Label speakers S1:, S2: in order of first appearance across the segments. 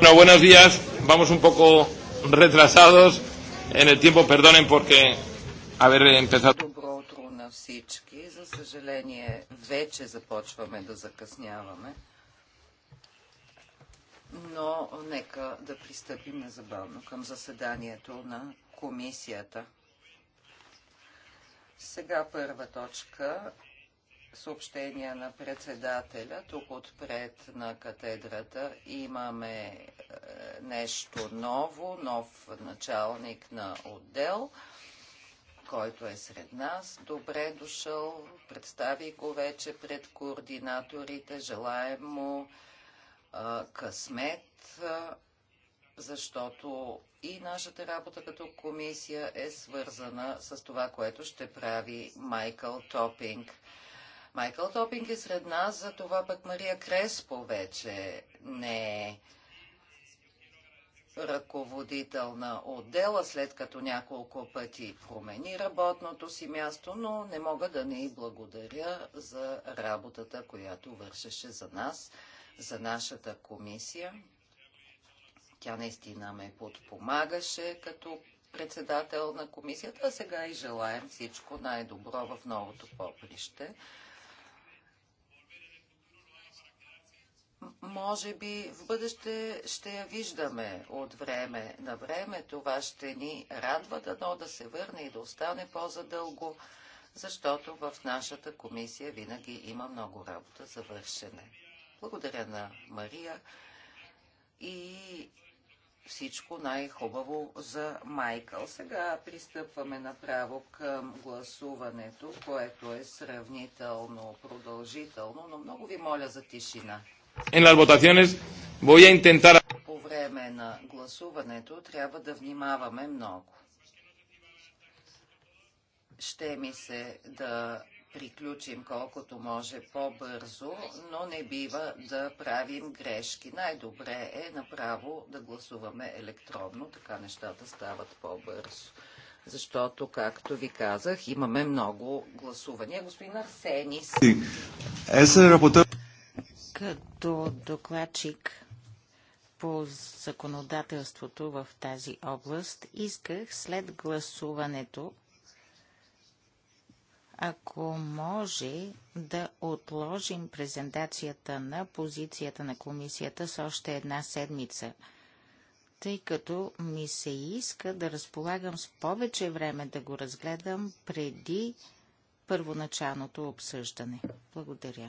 S1: Bueno, buenos días. Vamos un poco retrasados en el tiempo, perdonen porque haber empezado. Добро
S2: утро на всички. За съжаление, вече започваме да закъсняваме но нека да пристъпим незабавно към заседанието на комисията. Сега първа точка съобщения на председателя. Тук отпред на катедрата имаме е, нещо ново, нов началник на отдел, който е сред нас. Добре дошъл, представи го вече пред координаторите. Желаем му късмет, защото и нашата работа като комисия е свързана с това, което ще прави Майкъл Топинг. Майкъл Топинг е сред нас, за това пък Мария Креспо вече не е ръководител на отдела, след като няколко пъти промени работното си място, но не мога да не и благодаря за работата, която вършеше за нас за нашата комисия. Тя наистина ме подпомагаше като председател на комисията, а сега и желаем всичко най-добро в новото поприще. може би в бъдеще ще я виждаме от време на време. Това ще ни радва дано да се върне и да остане по-задълго, защото в нашата комисия винаги има много работа за вършене. Благодаря на Мария и всичко най-хубаво за Майкъл. Сега пристъпваме направо към гласуването, което е сравнително продължително, но много ви моля за тишина.
S1: En las votaciones voy a intentar...
S2: По време на гласуването трябва да внимаваме много. Ще ми се да приключим колкото може по-бързо, но не бива да правим грешки. Най-добре е направо да гласуваме електронно, така нещата стават по-бързо. Защото, както ви казах, имаме много гласувания. Господин Арсенис.
S3: Като докладчик по законодателството в тази област, исках след гласуването ако може да отложим презентацията на позицията на комисията с още една седмица, тъй като ми се иска да разполагам с повече време да го разгледам преди първоначалното обсъждане. Благодаря.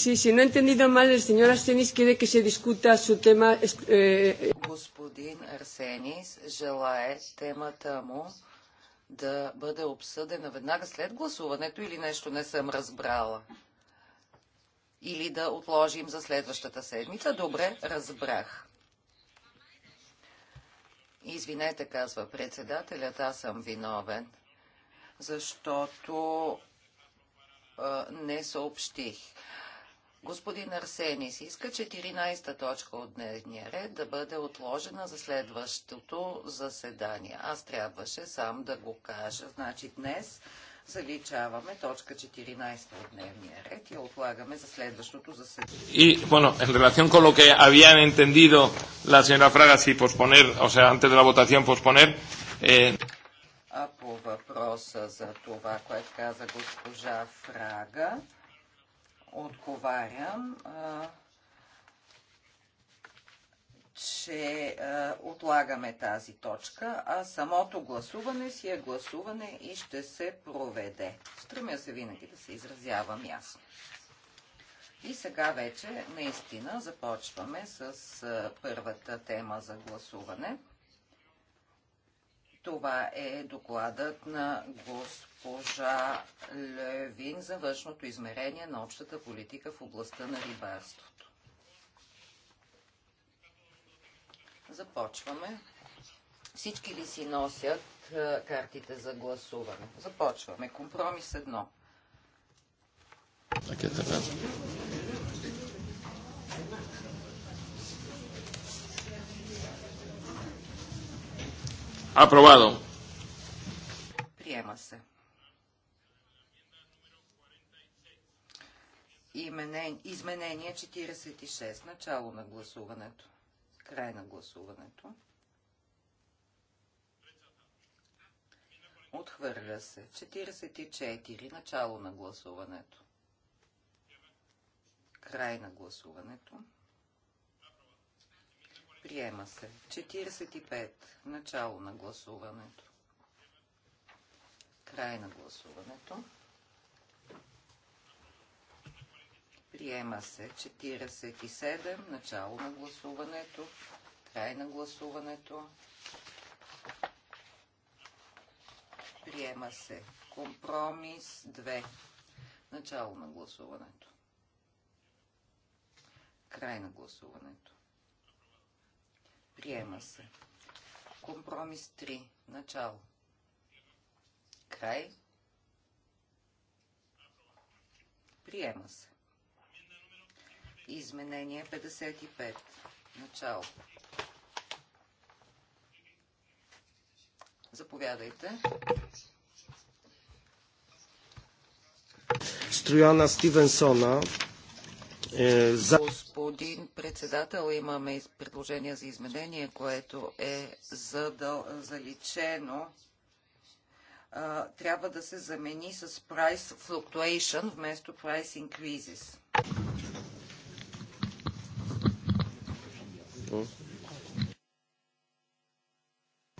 S4: Sí, si no he entendido mal, el señor Arsenis quiere que se discuta su tema. Eh,
S2: Господин Арсенис желае темата му да бъде обсъдена веднага след гласуването или нещо не съм разбрала. Или да отложим за следващата седмица. Добре, разбрах. Извинете, казва председателят, аз съм виновен, защото а, не съобщих. Господин Арсенис иска 14-та точка от дневния ред да бъде отложена за следващото заседание. Аз трябваше сам да го кажа. Значи днес заличаваме точка 14 та от дневния ред и отлагаме за следващото заседание.
S1: И, bueno, en relación con lo que habían entendido la señora Fraga, si posponer, o sea, antes de la votación posponer, eh...
S2: А по въпроса за това, което каза госпожа Фрага, отговарям, че отлагаме тази точка, а самото гласуване си е гласуване и ще се проведе. Стремя се винаги да се изразявам ясно. И сега вече наистина започваме с първата тема за гласуване – това е докладът на госпожа Левин за външното измерение на общата политика в областта на рибарството. Започваме. Всички ли си носят е, картите за гласуване? Започваме. Компромис едно.
S1: Пакета Aprobado.
S2: Приема се. Изменение 46. Начало на гласуването. Край на гласуването. Отхвърля се. 44. Начало на гласуването. Край на гласуването. Приема се. 45. Начало на гласуването. Край на гласуването. Приема се. 47. Начало на гласуването. Край на гласуването. Приема се. Компромис 2. Начало на гласуването. Край на гласуването. Приема се. Компромис 3. Начало. Край. Приема се. Изменение 55. Начало. Заповядайте. Строяна Стивенсона е, за... Господин председател, имаме предложение за изменение, което е задъл... заличено. А, трябва да се замени с price fluctuation вместо price increases.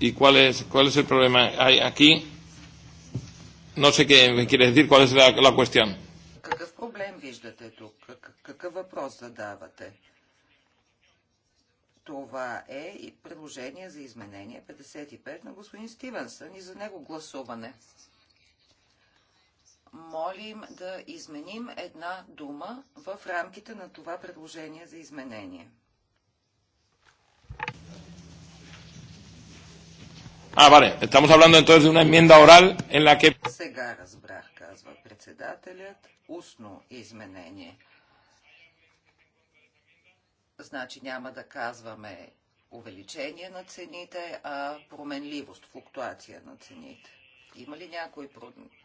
S1: ¿Y cuál es, cuál es el problema? Hay aquí, no sé qué me quieres decir, cuál es la, la cuestión
S2: проблем виждате тук? Какъв въпрос задавате? Това е и предложение за изменение 55 на господин Стивенсън и за него гласуване. Молим да изменим една дума в рамките на това предложение за изменение.
S1: А, ah, vale, estamos hablando entonces de una enmienda oral en la que...
S2: Сега разбрах, казва председателят, устно изменение. Значи няма да казваме увеличение на цените, а променливост, флуктуация на цените. Има ли някой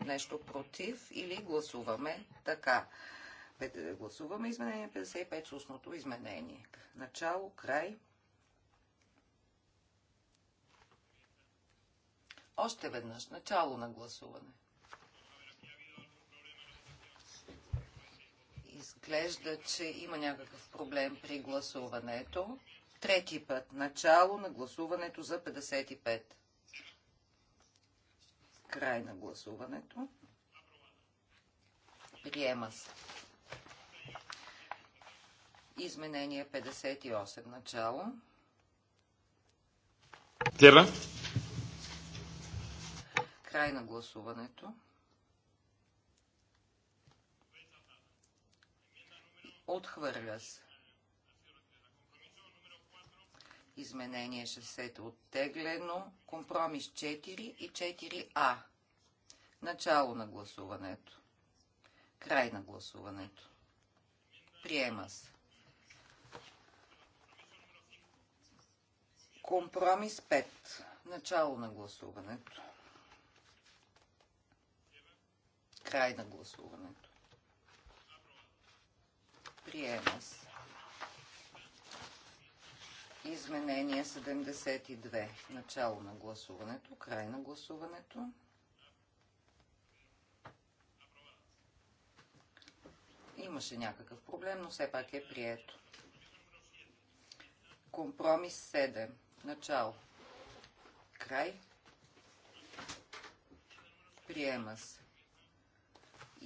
S2: нещо против или гласуваме така? Гласуваме изменение 55 с устното изменение. Начало, край. Още веднъж начало на гласуване. Изглежда, че има някакъв проблем при гласуването. Трети път. Начало на гласуването за 55. Край на гласуването. Приема се. Изменение 58. Начало. Тера. Край на гласуването. Отхвърля се. Изменение 60 е оттеглено. Компромис 4 и 4А. Начало на гласуването. Край на гласуването. Приема се. Компромис 5. Начало на гласуването. Край на гласуването. Приема се. Изменение 72. Начало на гласуването. Край на гласуването. Имаше някакъв проблем, но все пак е прието. Компромис 7. Начало. Край. Приема се.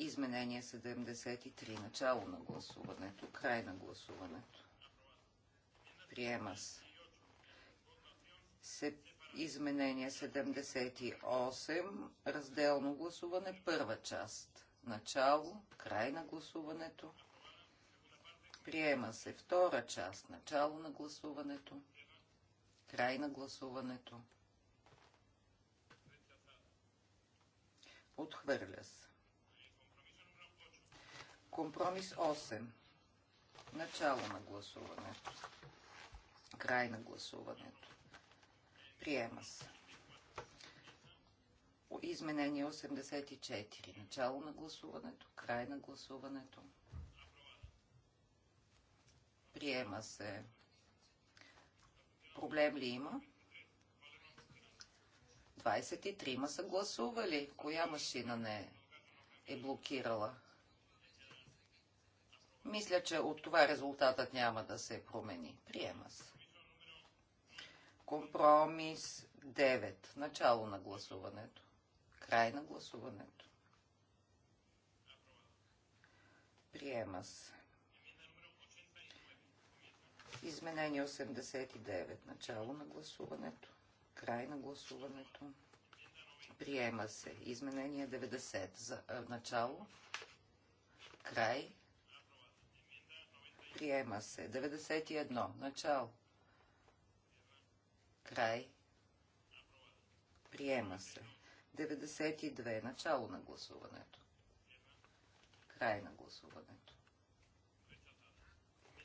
S2: Изменение 73. Начало на гласуването. Край на гласуването. Приема се. изменение 78. Разделно гласуване. Първа част. Начало. Край на гласуването. Приема се втора част. Начало на гласуването. Край на гласуването. Отхвърля се. Компромис 8. Начало на гласуването. Край на гласуването. Приема се. Изменение 84. Начало на гласуването. Край на гласуването. Приема се. Проблем ли има? 23-ма са гласували. Коя машина не е блокирала? Мисля, че от това резултатът няма да се промени. Приема се. Компромис 9. Начало на гласуването. Край на гласуването. Приема се. Изменение 89. Начало на гласуването. Край на гласуването. Приема се. Изменение 90. За, е, начало. Край. Приема се. 91. Начало. Край. Приема се. 92. Начало на гласуването. Край на гласуването.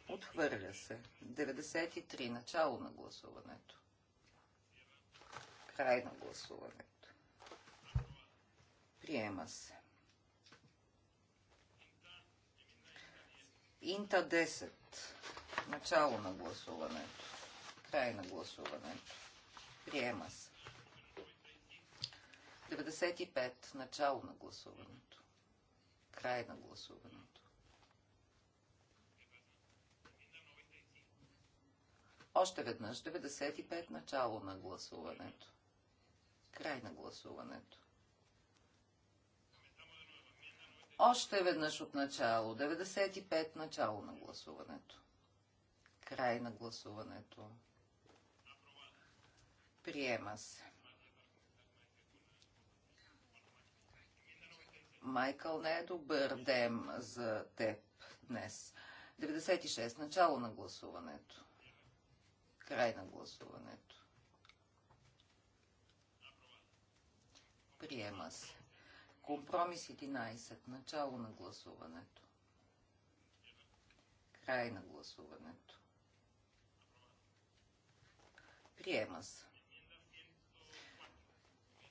S2: Отхвърля се. 93. Начало на гласуването. Край на гласуването. Приема се. Инта 10. Начало на гласуването. Край на гласуването. Приема се. 95. Начало на гласуването. Край на гласуването. Още веднъж 95. Начало на гласуването. Край на гласуването. Още веднъж от начало. 95 начало на гласуването. Край на гласуването. Приема се. Майкъл не е добър дем за теб днес. 96. Начало на гласуването. Край на гласуването. Приема се. Компромис 11. Начало на гласуването. Край на гласуването. Приема се.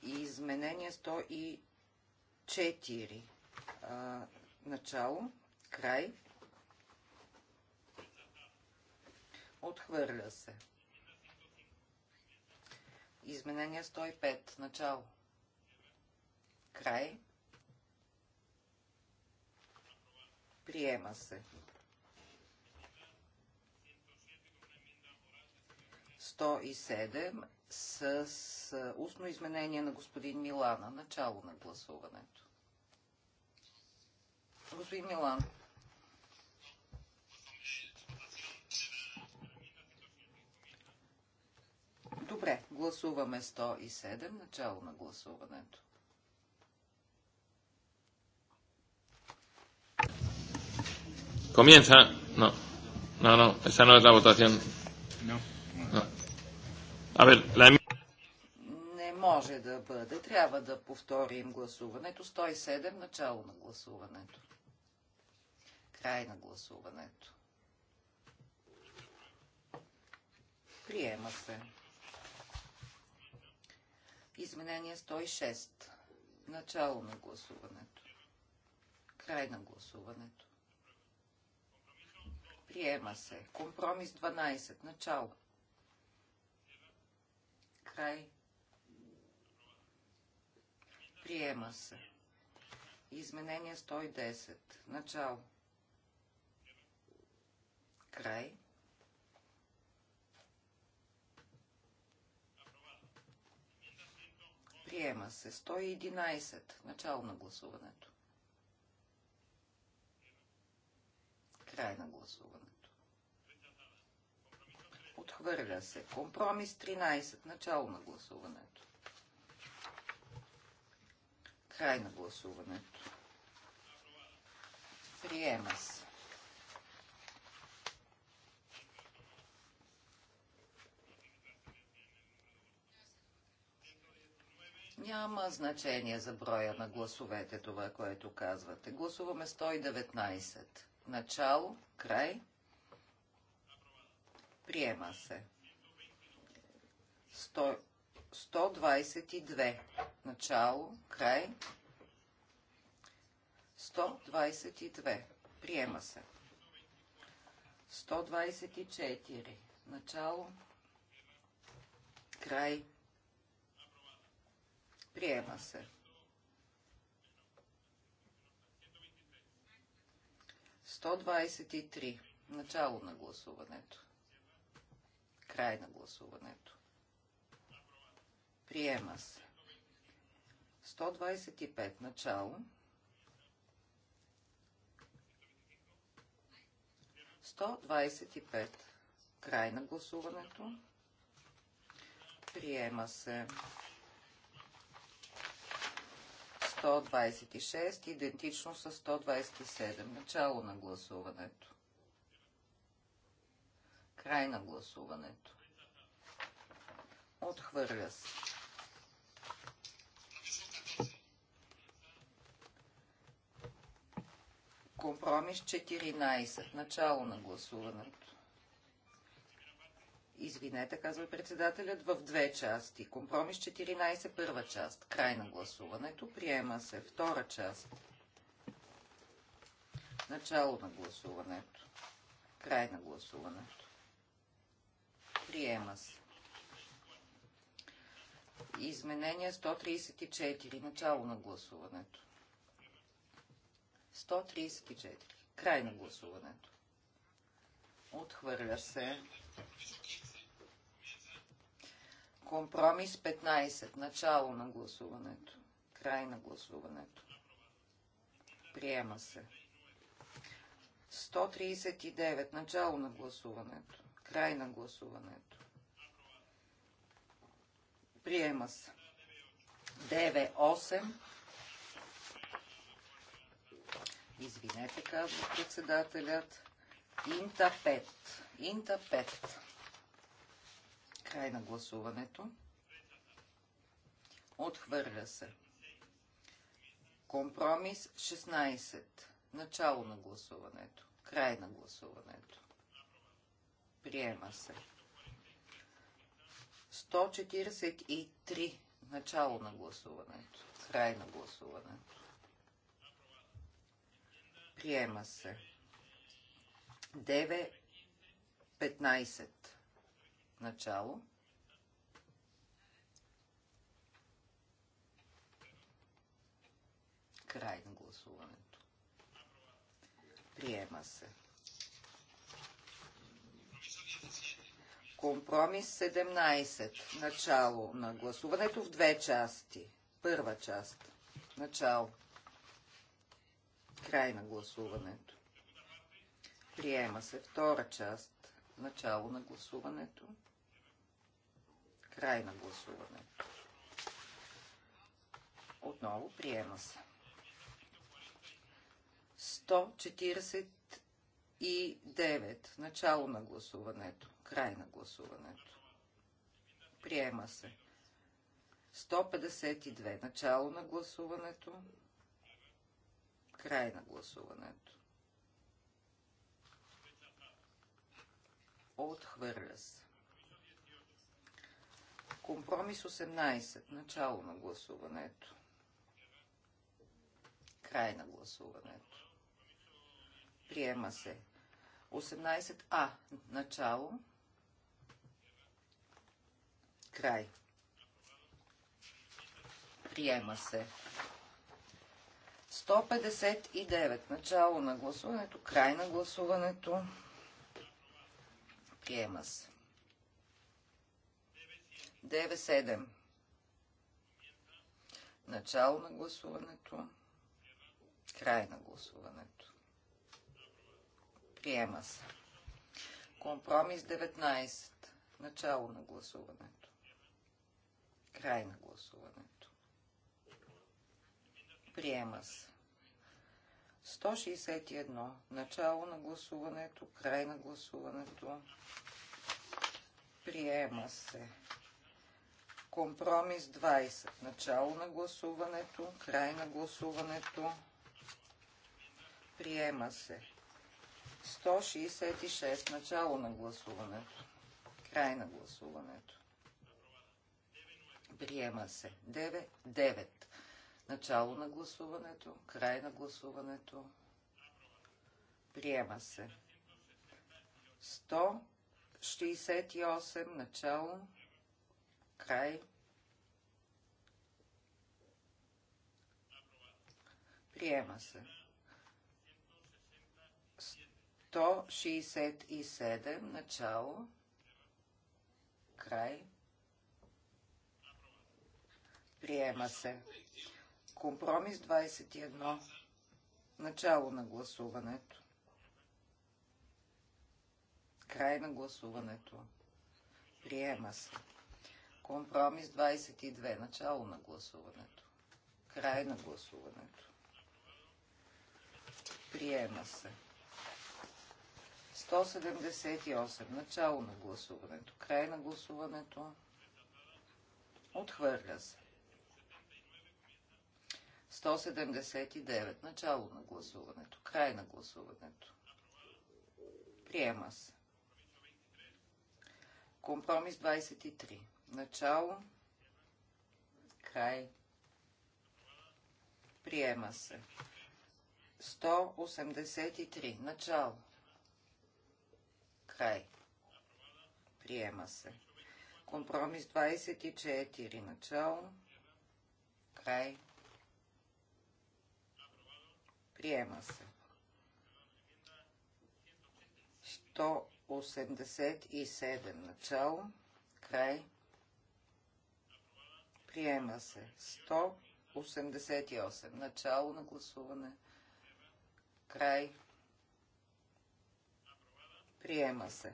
S2: И изменение 104. А, начало. Край. Отхвърля се. Изменение 105. Начало. Край. Приема се. 107 с устно изменение на господин Милана. Начало на гласуването. Господин Милан. Добре, гласуваме 107. Начало на гласуването.
S1: Comienza. No. No, no. Esa no es la votación.
S4: No. no.
S1: A ver, la
S2: Не може да бъде. Трябва да повторим гласуването. 107. Начало на гласуването. Край на гласуването. Приема се. Изменение 106. Начало на гласуването. Край на гласуването. Приема се. Компромис 12. Начало. Край. Приема се. Изменение 110. Начало. Край. Приема се. 111. Начало на гласуването. Край на гласуването. Отхвърля се. Компромис 13. Начало на гласуването. Край на гласуването. Приема се. Няма значение за броя на гласовете това, което казвате. Гласуваме 119. Начало, край, Приема се. 100, 122. Начало, край. 122. Приема се. 124. Начало. Край. Приема се. 123. Начало на гласуването. Край на гласуването. Приема се. 125 начало. 125 край на гласуването. Приема се. 126 идентично с 127 начало на гласуването. Край на гласуването. Отхвърля се. Компромис 14. Начало на гласуването. Извинете, казва председателят, в две части. Компромис 14, първа част. Край на гласуването. Приема се втора част. Начало на гласуването. Край на гласуването. Приема се. Изменение 134. Начало на гласуването. 134. Край на гласуването. Отхвърля се. Компромис 15. Начало на гласуването. Край на гласуването. Приема се. 139. Начало на гласуването. Край на гласуването. Приема се. 9-8. Извинете, казва председателят. Инта 5. Инта 5. Край на гласуването. Отхвърля се. Компромис 16. Начало на гласуването. Край на гласуването. Приема се. 143. Начало на гласуването. Край на гласуването. Приема се. 9.15. Начало. Край на гласуването. Приема се. 10.15. Компромис 17. Начало на гласуването в две части. Първа част. Начало. Край на гласуването. Приема се втора част. Начало на гласуването. Край на гласуването. Отново приема се. 149. Начало на гласуването. Край на гласуването. Приема се. 152. Начало на гласуването. Край на гласуването. Отхвърля се. Компромис 18. Начало на гласуването. Край на гласуването. Приема се. 18А. Начало. Край. Приема се. 159. Начало на гласуването. Край на гласуването. Приема се. 9-7. Начало на гласуването. Край на гласуването. Приема се. Компромис 19. Начало на гласуването. Край на гласуването. Приема се. 161. Начало на гласуването. Край на гласуването. Приема се. Компромис 20. Начало на гласуването. Край на гласуването. Приема се. 166. Начало на гласуването. Край на гласуването. Приема се. 9. 9. Начало на гласуването. Край на гласуването. Приема се. 168. Начало. Край. Приема се. 167. Начало. Край. Приема се. Компромис 21. Начало на гласуването. Край на гласуването. Приема се. Компромис 22. Начало на гласуването. Край на гласуването. Приема се. 178. Начало на гласуването. Край на гласуването. Отхвърля се. 179. Начало на гласуването. Край на гласуването. Приема се. Компромис 23. Начало. Край. Приема се. 183. Начало. Край. Приема се. Компромис 24. Начало. Край. Приема се. 187 начало, край. Приема се. 188 начало на гласуване, край. Приема се.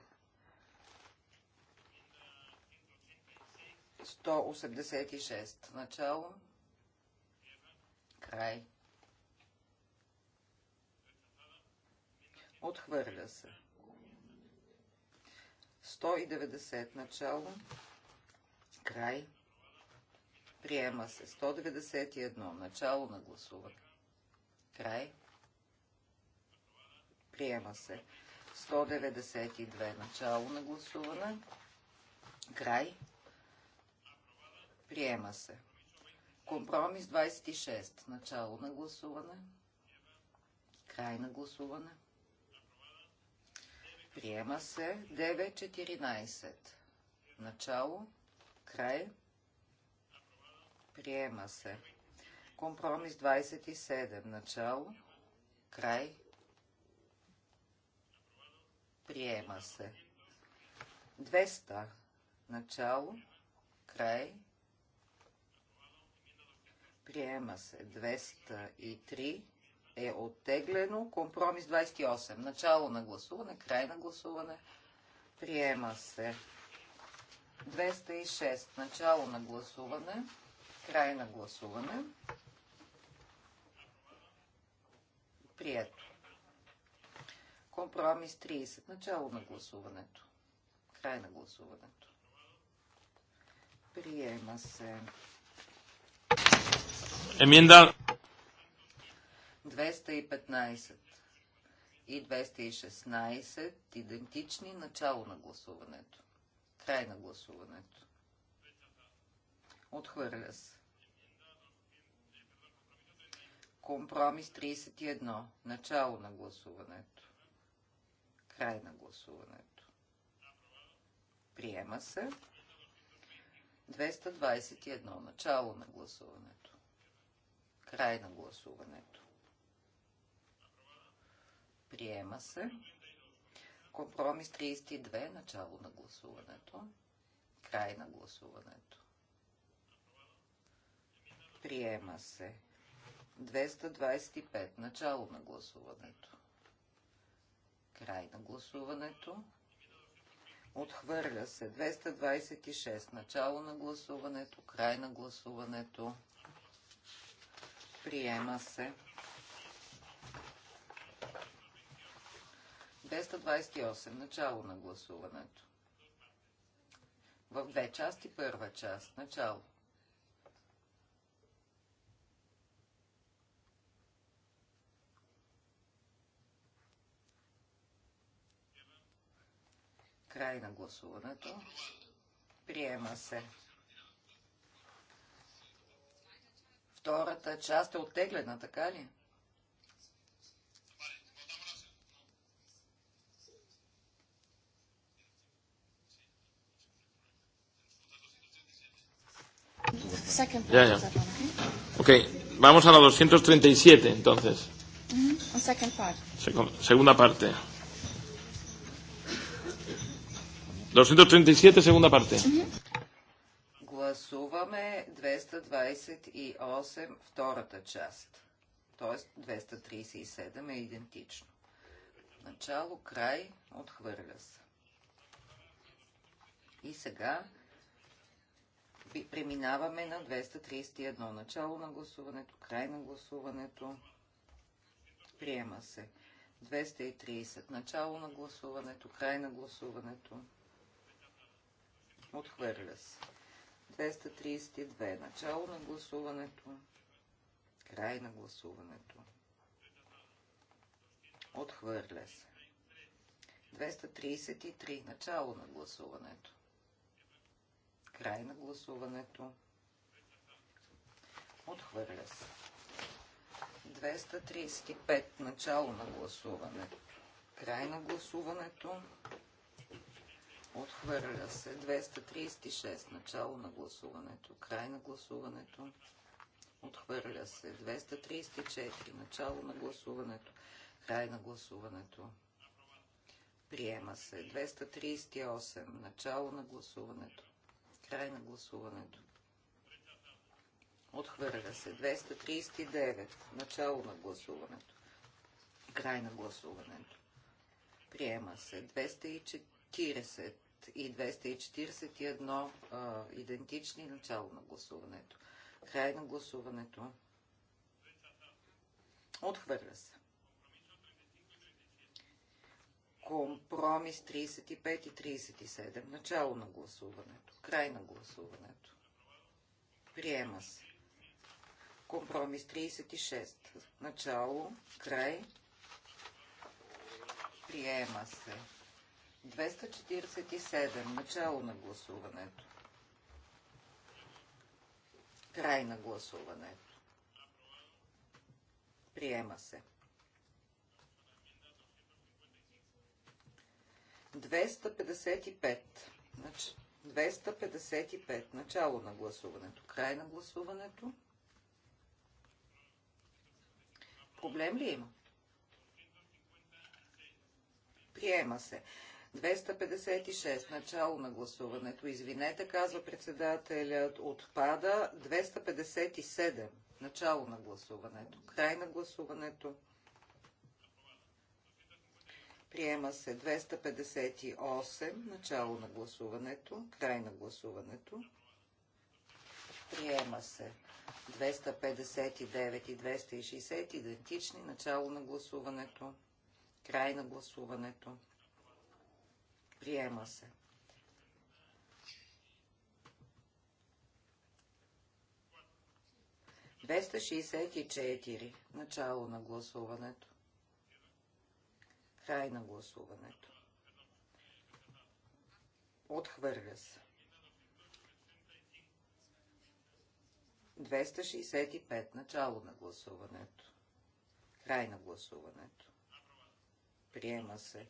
S2: 186 начало, край. Отхвърля се. 190 начало. Край. Приема се. 191 начало на гласуване. Край. Приема се. 192 начало на гласуване. Край. Приема се. Компромис 26. Начало на гласуване. Край на гласуване. Приема се 9.14. Начало. Край. Приема се. Компромис 27. Начало. Край. Приема се. 200. Начало. Край. Приема се. 203 е оттеглено. Компромис 28. Начало на гласуване, край на гласуване. Приема се. 206. Начало на гласуване, край на гласуване. Прието. Компромис 30. Начало на гласуването. Край на гласуването. Приема се. Еминда. 215 и 216 идентични начало на гласуването. Край на гласуването. Отхвърля се. Компромис 31. Начало на гласуването. Край на гласуването. Приема се. 221. Начало на гласуването. Край на гласуването. Приема се. Компромис 32. Начало на гласуването. Край на гласуването. Приема се. 225. Начало на гласуването. Край на гласуването. Отхвърля се. 226. Начало на гласуването. Край на гласуването. Приема се. 228. Начало на гласуването. В две части. Първа част. Начало. Край на гласуването. Приема се. Втората част е оттеглена, така ли?
S4: Ya, ya.
S1: Ok, vamos a la 237 entonces.
S4: Mm-hmm,
S1: segunda parte. 237, segunda parte. Mm-hmm.
S2: Гласуваме 228, втората част. Тоест 237 е идентично. Начало, край, отхвърля се. И сега Преминаваме на 231. Начало на гласуването, край на гласуването. Приема се. 230. Начало на гласуването, край на гласуването. Отхвърля се. 232. Начало на гласуването, край на гласуването. Отхвърля се. 233. Начало на гласуването. Край на гласуването. Отхвърля се. 235. Начало на гласуване. Край на гласуването. Отхвърля се. 236. Начало на гласуването. Край на гласуването. Отхвърля се. 234. Начало на гласуването. Край на гласуването. Приема се. 238. Начало на гласуването. Край на гласуването. Отхвърля се. 239. Начало на гласуването. Край на гласуването. Приема се. 240 и 241 а, идентични. Начало на гласуването. Край на гласуването. Отхвърля се. Компромис 35 и 37. Начало на гласуването. Край на гласуването. Приема се. Компромис 36. Начало. Край. Приема се. 247. Начало на гласуването. Край на гласуването. Приема се. 255. Значи, 255. Начало на гласуването. Край на гласуването. Проблем ли има? Приема се. 256. Начало на гласуването. Извинете, казва председателят. Отпада. 257. Начало на гласуването. Край на гласуването. Приема се 258. Начало на гласуването. Край на гласуването. Приема се 259 и 260. Идентични. Начало на гласуването. Край на гласуването. Приема се. Двеста шестдесет и четири. Начало на гласуването. Край на гласуването. Отхвърля се. 265. Начало на гласуването. Край на гласуването. Приема се.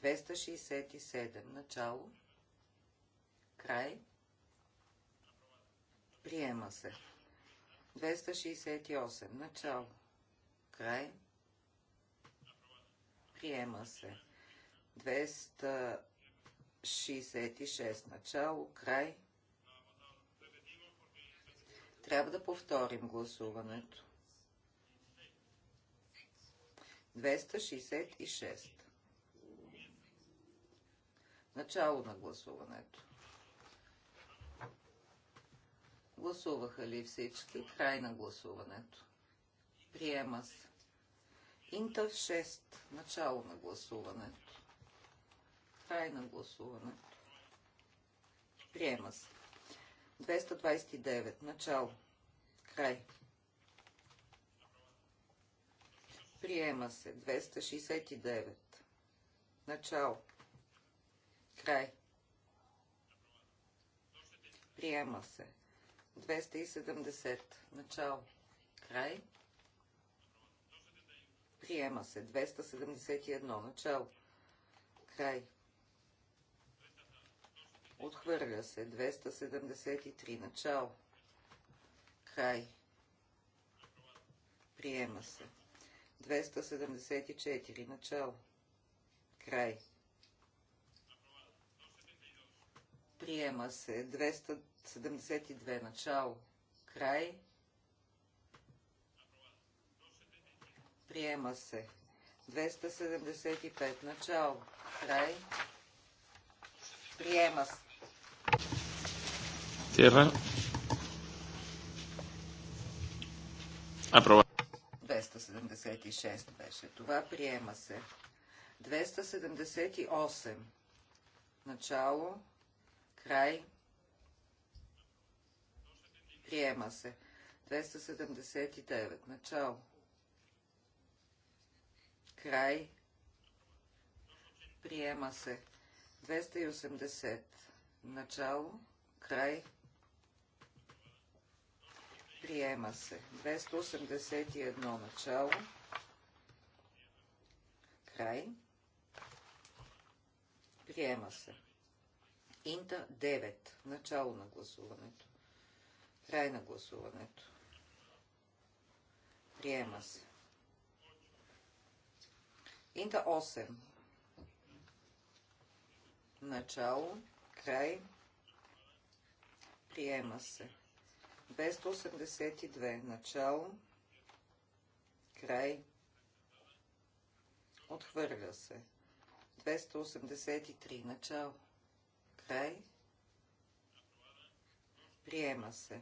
S2: 267. Начало. Край. Приема се. 268. Начало. Край. Приема се. 266 начало, край. Трябва да повторим гласуването. 266. Начало на гласуването. Гласуваха ли всички? Край на гласуването. Приема се. Интер 6. Начало на гласуването. Край на гласуването. Приема се. 229. Начало. Край. Приема се. 269. Начало. Край. Приема се. 270. Начало. Край. Приема се. 271. Начало. Край. Отхвърля се. 273. Начало. Край. Приема се. 274. Начало. Край. Приема се. 272. Начало. Край. Приема се. 275. Начало. Край. Приема се.
S1: Тиран. Апрова.
S2: 276 беше. Това приема се. 278. Начало. Край. Приема се. 279. Начало. Край. Приема се. 280. Начало. Край. Приема се. 281. Начало. Край. Приема се. Инта 9. Начало на гласуването. Край на гласуването. Приема се. Инта 8. Начало, край, приема се. 282. Начало, край, отхвърля се. 283. Начало, край, приема се.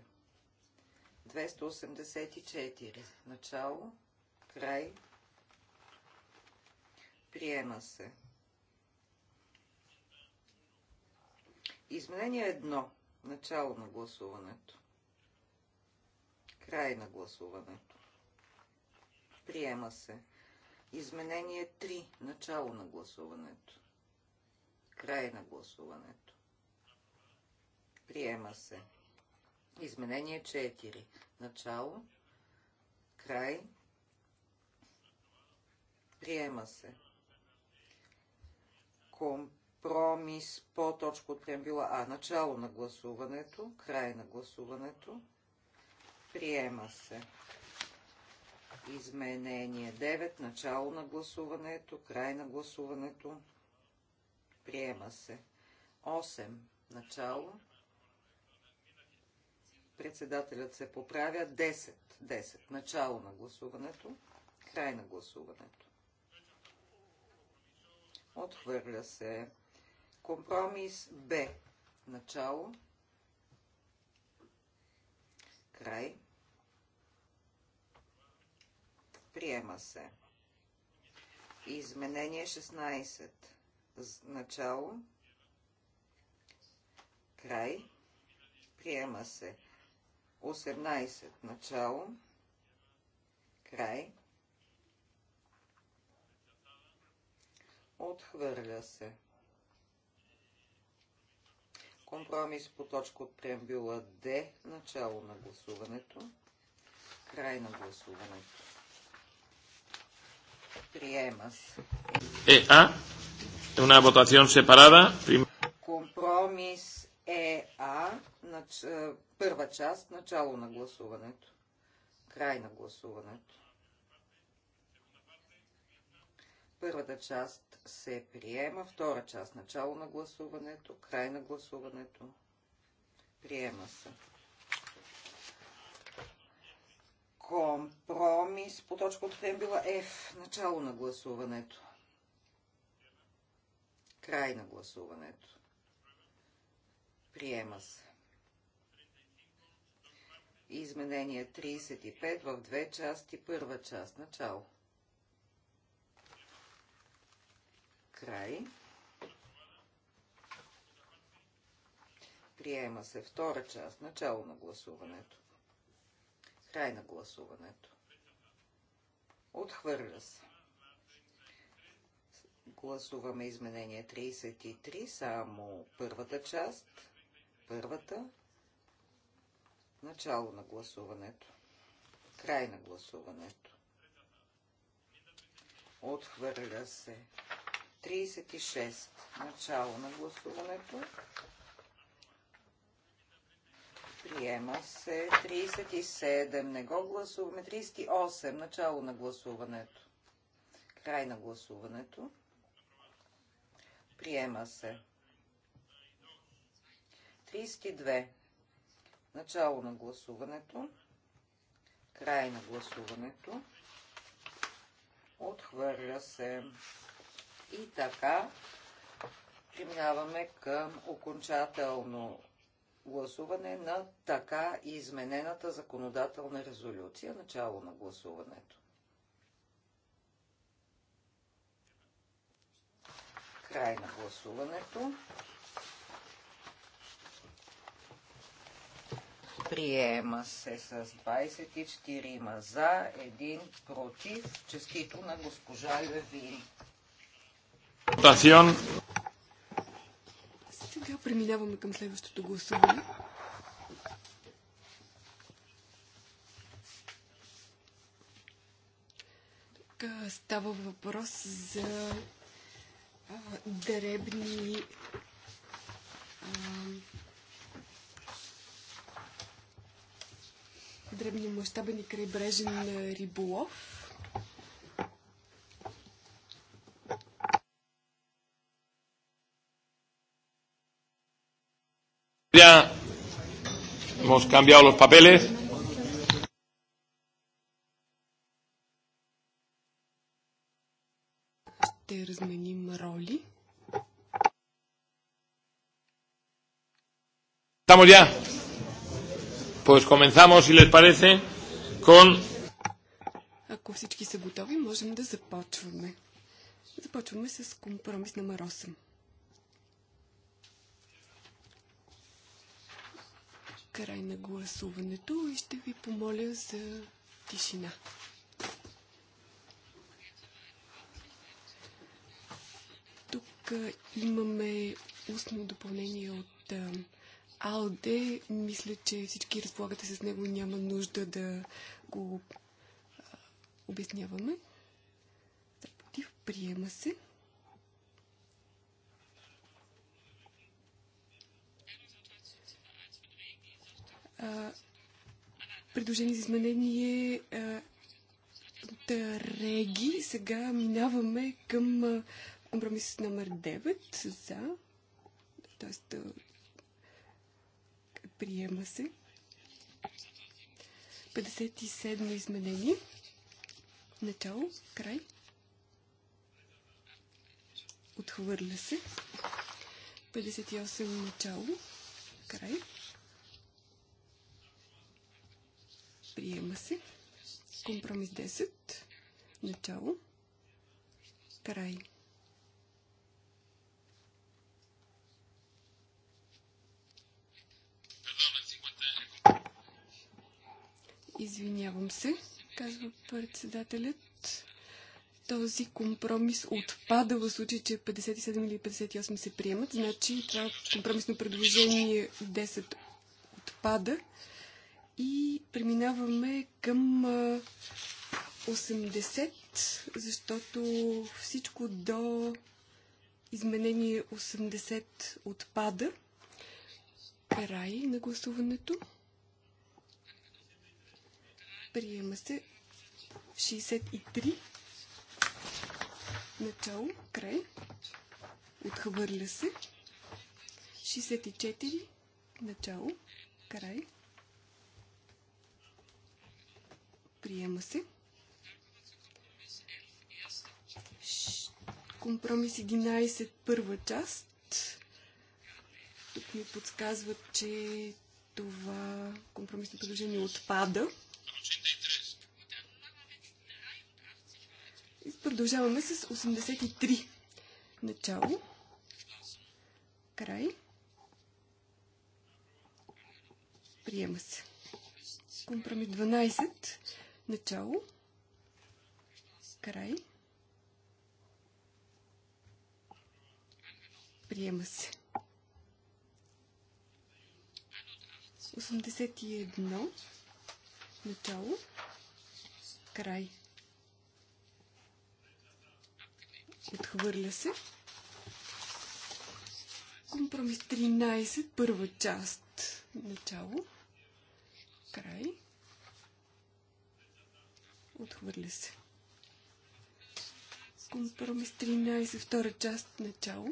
S2: 284. Начало, край, приема се. Приема се. Изменение едно. Начало на гласуването. Край на гласуването. Приема се. Изменение 3. Начало на гласуването. Край на гласуването. Приема се. Изменение 4. Начало. Край. Приема се компромис по точка от преамбюла А. Начало на гласуването, край на гласуването. Приема се. Изменение 9. Начало на гласуването, край на гласуването. Приема се. 8. Начало. Председателят се поправя. 10. 10. Начало на гласуването, край на гласуването. Отхвърля се. Компромис Б. Начало. Край. Приема се. Изменение 16. Начало. Край. Приема се. 18. Начало. Край. Отхвърля се. Компромис по точка от преамбюла Д. Начало на гласуването. Край на гласуването. Приема се.
S1: Е, а? Una votación separada.
S2: Компромис ЕА, нач... първа част, начало на гласуването, край на гласуването. Първата част се приема, втора част начало на гласуването, край на гласуването. Приема се. Компромис по точка от преамбила F. Начало на гласуването. Край на гласуването. Приема се. Изменение 35 в две части. Първа част. Начало. Край. Приема се втора част. Начало на гласуването. Край на гласуването. Отхвърля се. Гласуваме изменение 33, само първата част. Първата. Начало на гласуването. Край на гласуването. Отхвърля се. 36. Начало на гласуването. Приема се 37. Не го гласуваме. 38. Начало на гласуването. Край на гласуването. Приема се. 32. Начало на гласуването. Край на гласуването. Отхвърля се. И така, преминаваме към окончателно гласуване на така и изменената законодателна резолюция. Начало на гласуването. Край на гласуването. Приема се с 24 за, 1 против. Честито на госпожа Левин
S1: votación.
S4: Сега преминаваме към следващото гласуване. Тук става въпрос за дребни. дребни а, и крайбрежен риболов.
S1: Ya hemos cambiado los papeles. ¿Estamos ya? Pues comenzamos, si les parece, con...
S4: Ако всички са готови, можем да започваме. Започваме с компромис номер 8. край на гласуването и ще ви помоля за тишина. Тук имаме устно допълнение от Алде. Мисля, че всички разполагате с него. Няма нужда да го обясняваме. приема се. предложение за изменение от Реги. Сега минаваме към компромис номер 9 за. Тоест, приема се. 57 изменение. Начало, край. Отхвърля се. 58 начало, край. Приема се. Компромис 10. Начало. Край. Извинявам се, казва председателят. Този компромис отпада в случай, че 57 или 58 се приемат. Значи това компромисно предложение 10 отпада. И преминаваме към 80, защото всичко до изменение 80 отпада. Край на гласуването. Приема се 63. Начало, край. Отхвърля се. 64. Начало, край. Приема се. Компромис 11, първа част. Тук ми подсказват, че това компромисно предложение отпада. И продължаваме с 83. Начало. Край. Приема се. Компромис 12. Начало. Край. Приема се. 81. Начало. Край. Отхвърля се. Компромис 13. Първа част. Начало. Край. Отхвърля се. Компромис 13, втора част, начало.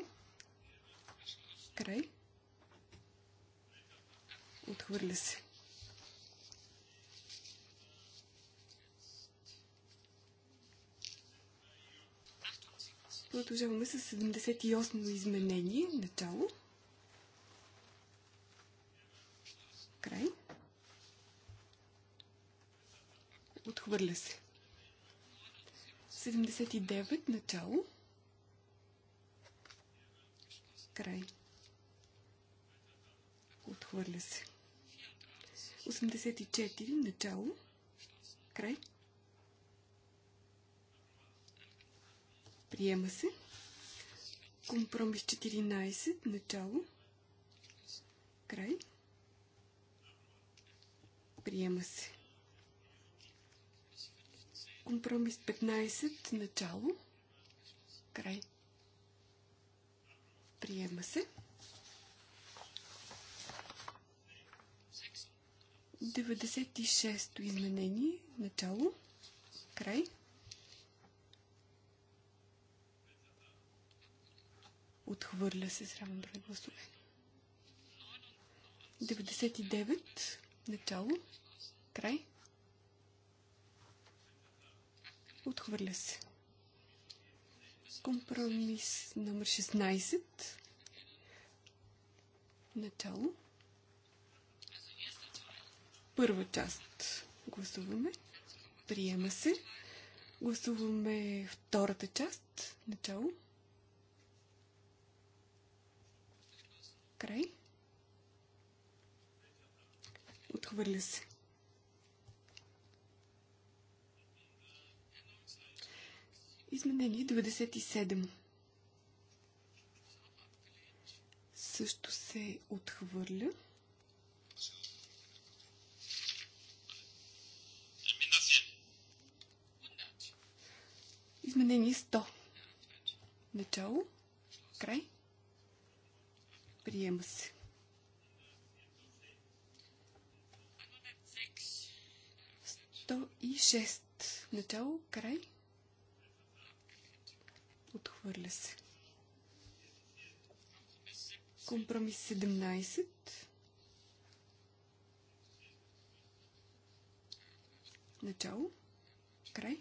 S4: Край. Отхвърля се. Продължаваме с 78 изменение, начало. Край. Отхвърля се. 79 начало. Край. Отхвърля се. 84 начало. Край. Приема се. Компромис 14 начало. Край. Приема се. Компромис 15. Начало. Край. Приема се. 96-то изменение. Начало. Край. Отхвърля се с равен брой гласове. 99. Начало. Край. Отхвърля се. Компромис номер 16. Начало. Първа част. Гласуваме. Приема се. Гласуваме втората част. Начало. Край. Отхвърля се. Изменение 97. Също се отхвърля. Изменение 100. Начало. Край. Приема се. Сто и шест. Начало, край. Отхвърля се. Компромис 17. Начало. Край.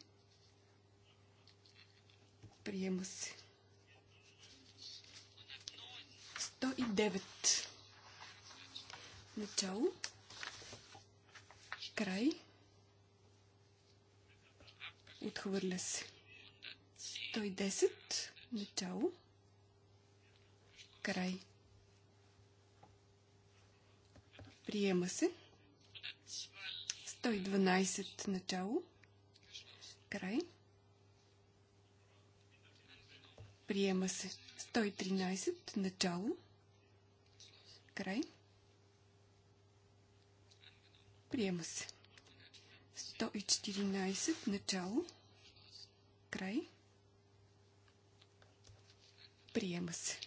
S4: Приема се. 109. Начало. Край. Отхвърля се. 110. Начало. Край. Приема се. 112 начало. Край. Приема се. 113 начало. Край. Приема се. 114 начало. Край. Приема се.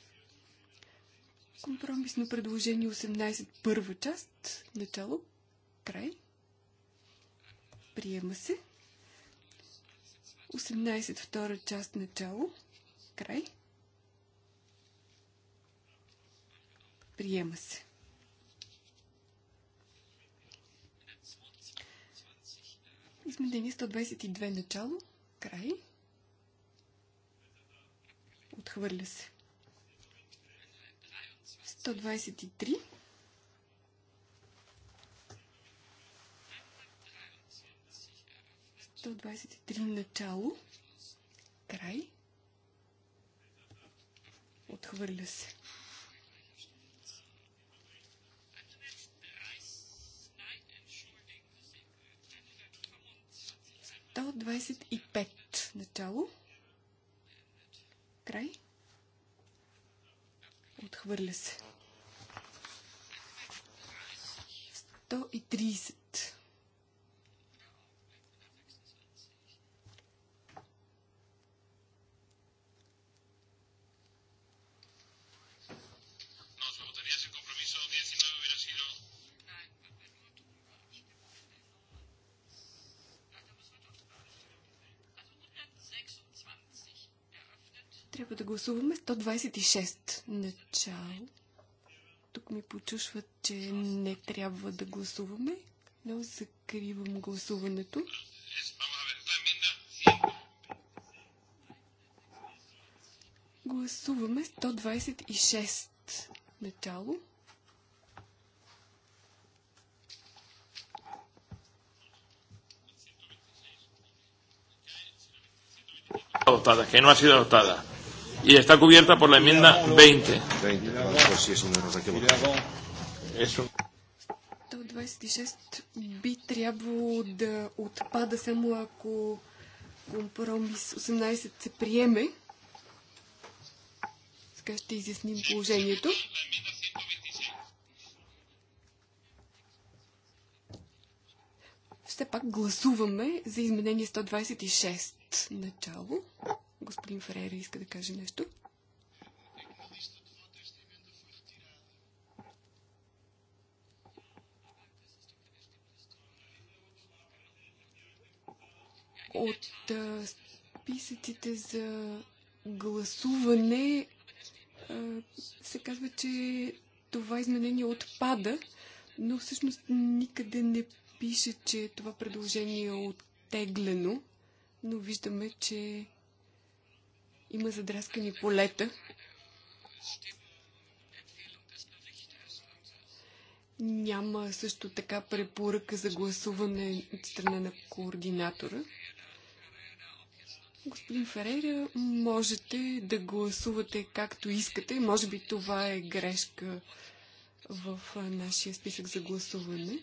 S4: Компромисно предложение 18, първа част, начало, край. Приема се. 18, втора част, начало, край. Приема се. Изменение 122 начало, край отхвърля се. 123. 123 начало. Край. Отхвърля се. 25 начало. Край. Отхвърля се. 130. Гласуваме 126 начало. Тук ми почушват, че не трябва да гласуваме, но закривам гласуването. Гласуваме 126 начало.
S1: adoptada, que no ha sido adoptada y está cubierta por la enmienda 20.
S4: би трябвало да отпада само ако компромис 18 се приеме. Сега ще изясним положението. Все пак гласуваме за изменение 126 начало. Господин Ферера иска да каже нещо. От а, списъците за гласуване а, се казва, че това изменение отпада, но всъщност никъде не пише, че това предложение е оттеглено, но виждаме, че има задраскани полета. Няма също така препоръка за гласуване от страна на координатора. Господин Ферейра, можете да гласувате както искате. Може би това е грешка в нашия списък за гласуване.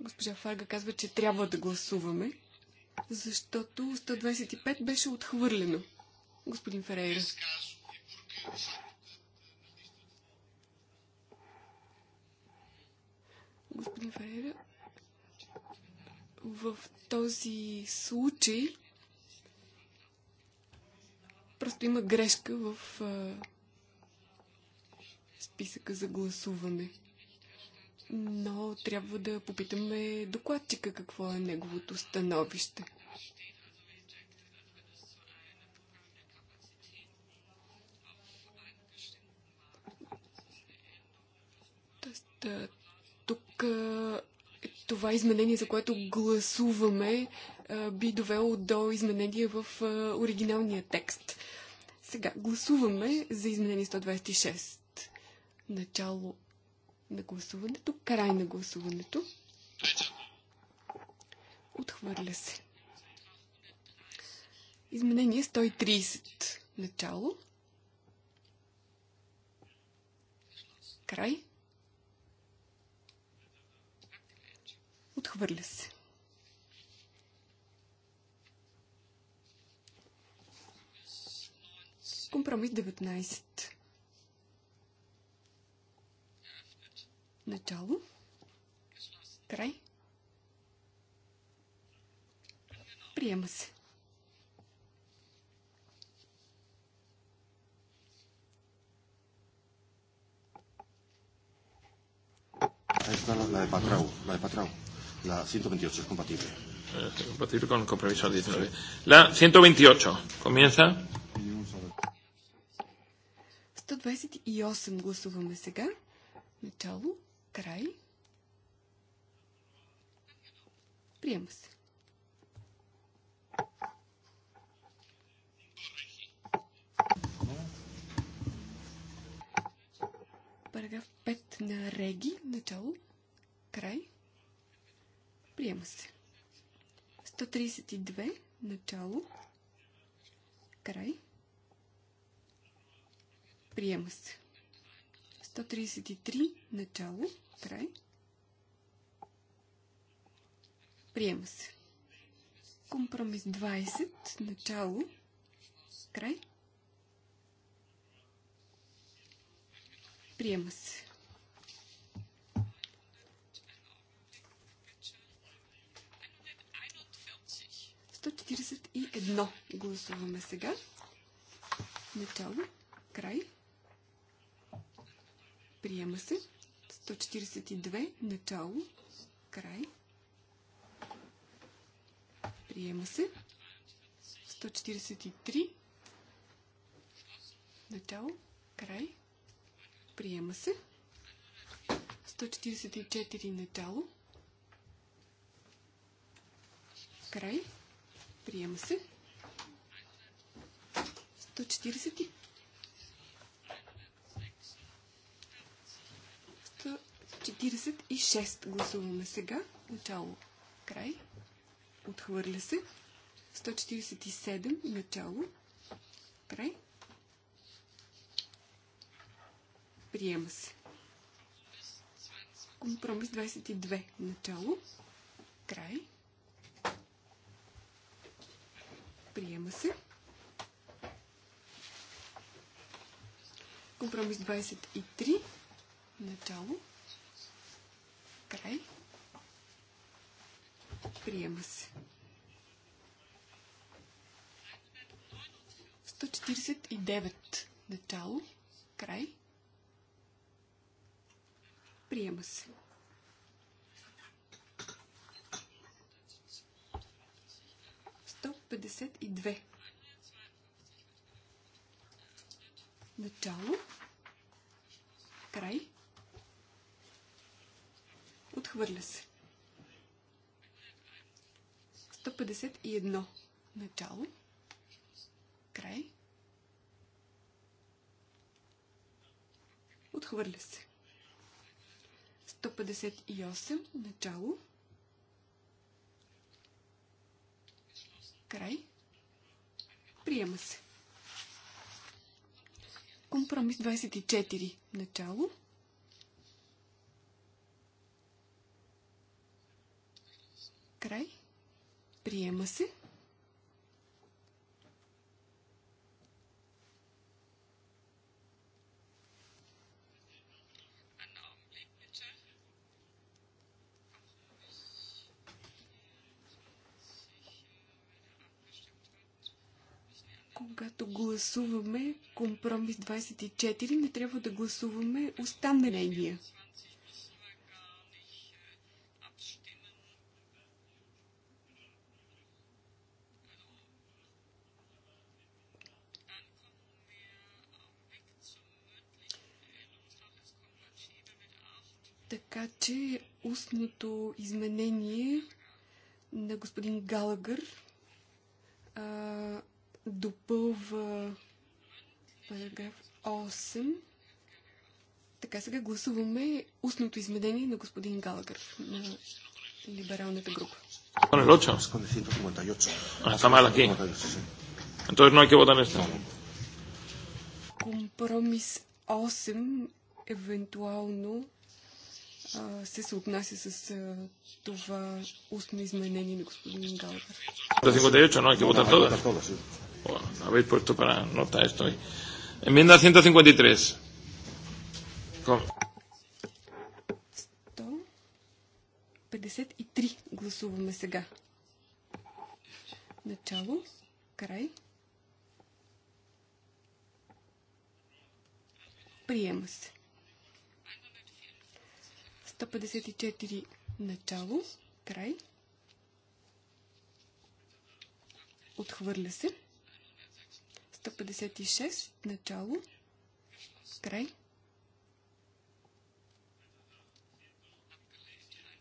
S4: Госпожа Фарга казва, че трябва да гласуваме защото 125 беше отхвърлено. Господин Ферейра. Господин Ферейра, в този случай просто има грешка в а, списъка за гласуване но трябва да попитаме докладчика какво е неговото становище. Тоест, тук това изменение, за което гласуваме, би довело до изменение в оригиналния текст. Сега гласуваме за изменение 126. Начало на гласуването, край на гласуването. Отхвърля се. Изменение 130. Начало. Край. Отхвърля се. Компромис 19. Начало. Край. Приема се.
S1: Esta la de Patrao, la de Patrao. La 128 es compatible. Es compatible con el compromiso 19. La 128 comienza.
S4: 128 гласуваме Край. Приема се. Параграф 5 на Реги. Начало. Край. Приема се. 132. Начало. Край. Приема се. 133 начало, край. Приема се. Компромис 20 начало, край. Приема се. и едно гласуваме сега. Начало, край. Приема се. 142. Начало. Край. Приема се. 143. Начало. Край. Приема се. 144. Начало. Край. Приема се. 145. 46 гласуваме сега. Начало. Край. Отхвърля се. 147. Начало. Край. Приема се. Компромис 22. Начало. Край. Приема се. Компромис 23. Начало. Край. Приема се. 149 начало. Край. Приема се. Сто петдесет Начало. Край. Отхвърля се. 151. Начало. Край. Отхвърля се. 158. Начало. Край. Приема се. Компромис 24. Начало. Край. Приема се. когато гласуваме компромис 24, не трябва да гласуваме останаления. устното изменение на господин Галагър а, допълва параграф 8. Така сега гласуваме устното изменение на господин Галагър на либералната група.
S1: Con el 8. Con el 158. Ah, está mal aquí. Entonces no hay que votar este.
S4: Compromis 8, eventualmente се съотнася с това устно изменение на господин Галбер. 158, no, hay que votar todas.
S1: Bueno, habéis puesto пара nota esto. Enmienda 153. Con...
S4: 153 гласуваме сега. Начало, край. Приема се. 154 начало, край. Отхвърля се. 156 начало, край.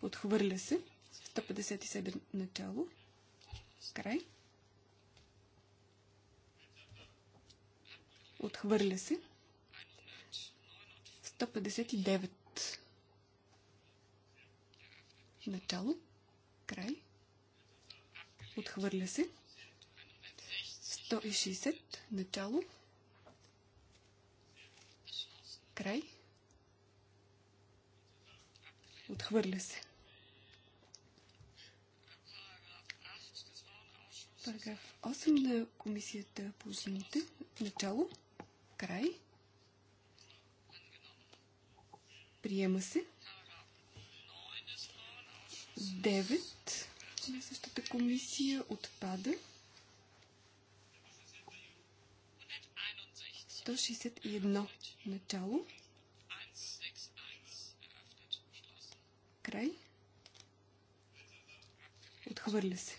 S4: Отхвърля се. 157 начало, край. Отхвърля се. 159 Начало. Край. Отхвърля се. 160. Начало. Край. Отхвърля се. Параграф 8 на комисията по жените. Начало. Край. Приема се. 9 на същата комисия отпада. 161 начало. Край. Отхвърля се.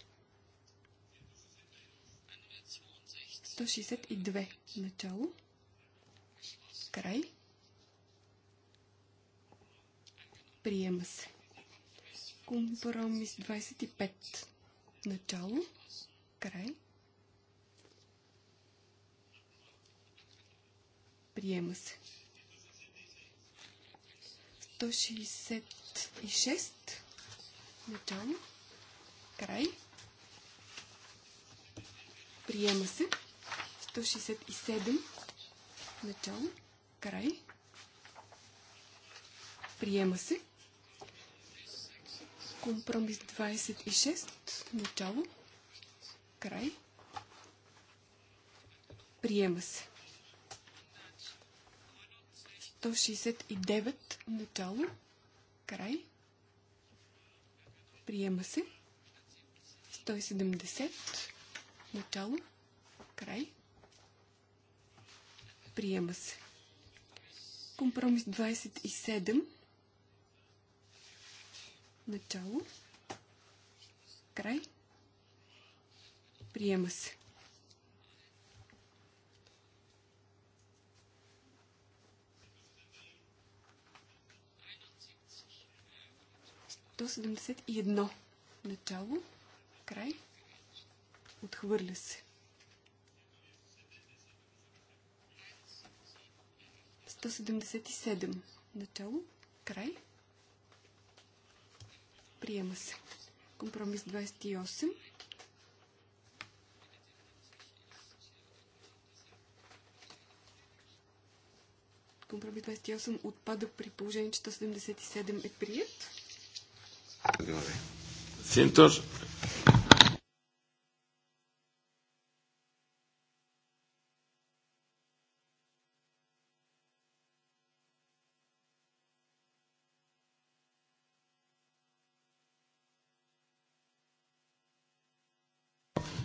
S4: 162 начало. Край. Приема се. Компромис 25. Начало. Край. Приема се. 166. Начало. Край. Приема се. 167. Начало. Край. Приема се. 168. Компромис 26. Начало. Край. Приема се. 169. Начало. Край. Приема се. 170. Начало. Край. Приема се. Компромис 27. Начало. Край. Приема се. До 71. Начало. Край. Отхвърля се. 177. Начало. Край. Приема се. Компромис 28. Компромис 28 отпада при положение, че 177 е прият.
S1: Добре.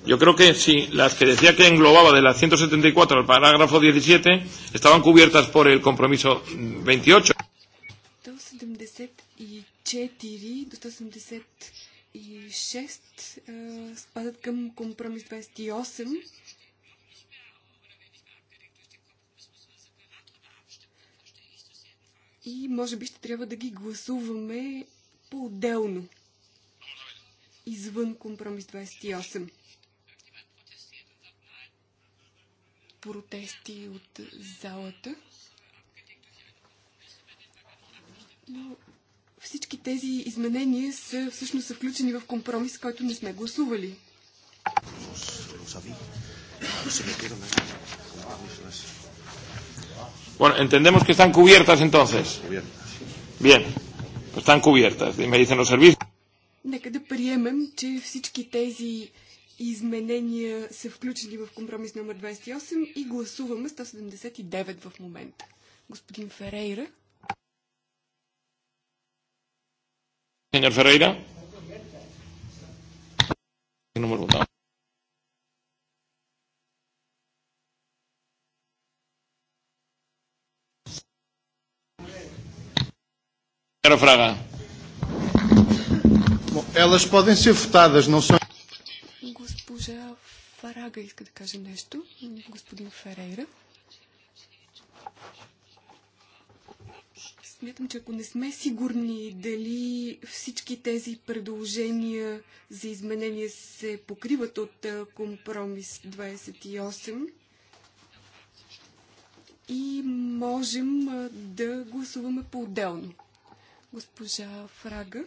S1: Yo creo que sí, las que decía que englobaba de las 174 al parágrafo 17 estaban cubiertas por el compromiso 28.
S4: 174 до 176 спадат към компромис 28. И може би ще трябва да ги гласуваме по-отделно, извън компромис 28. протести от залата. Но всички тези изменения са всъщност са включени в компромис, който не сме гласували.
S1: Bueno, entendemos que están cubiertas entonces. Bien, están cubiertas. Me dicen los servicios.
S4: Нека да приемем, че всички тези изменения са включени в компромис номер 28 и гласуваме 179 в момента. Господин Ферейра.
S1: Сеньор Ферейра. Número uno. Fraga. Bom, elas podem ser votadas, não são.
S4: Фарага иска да каже нещо. Господин Ферейра. Смятам, че ако не сме сигурни дали всички тези предложения за изменения се покриват от компромис 28 и можем да гласуваме по-отделно. Госпожа Фрага.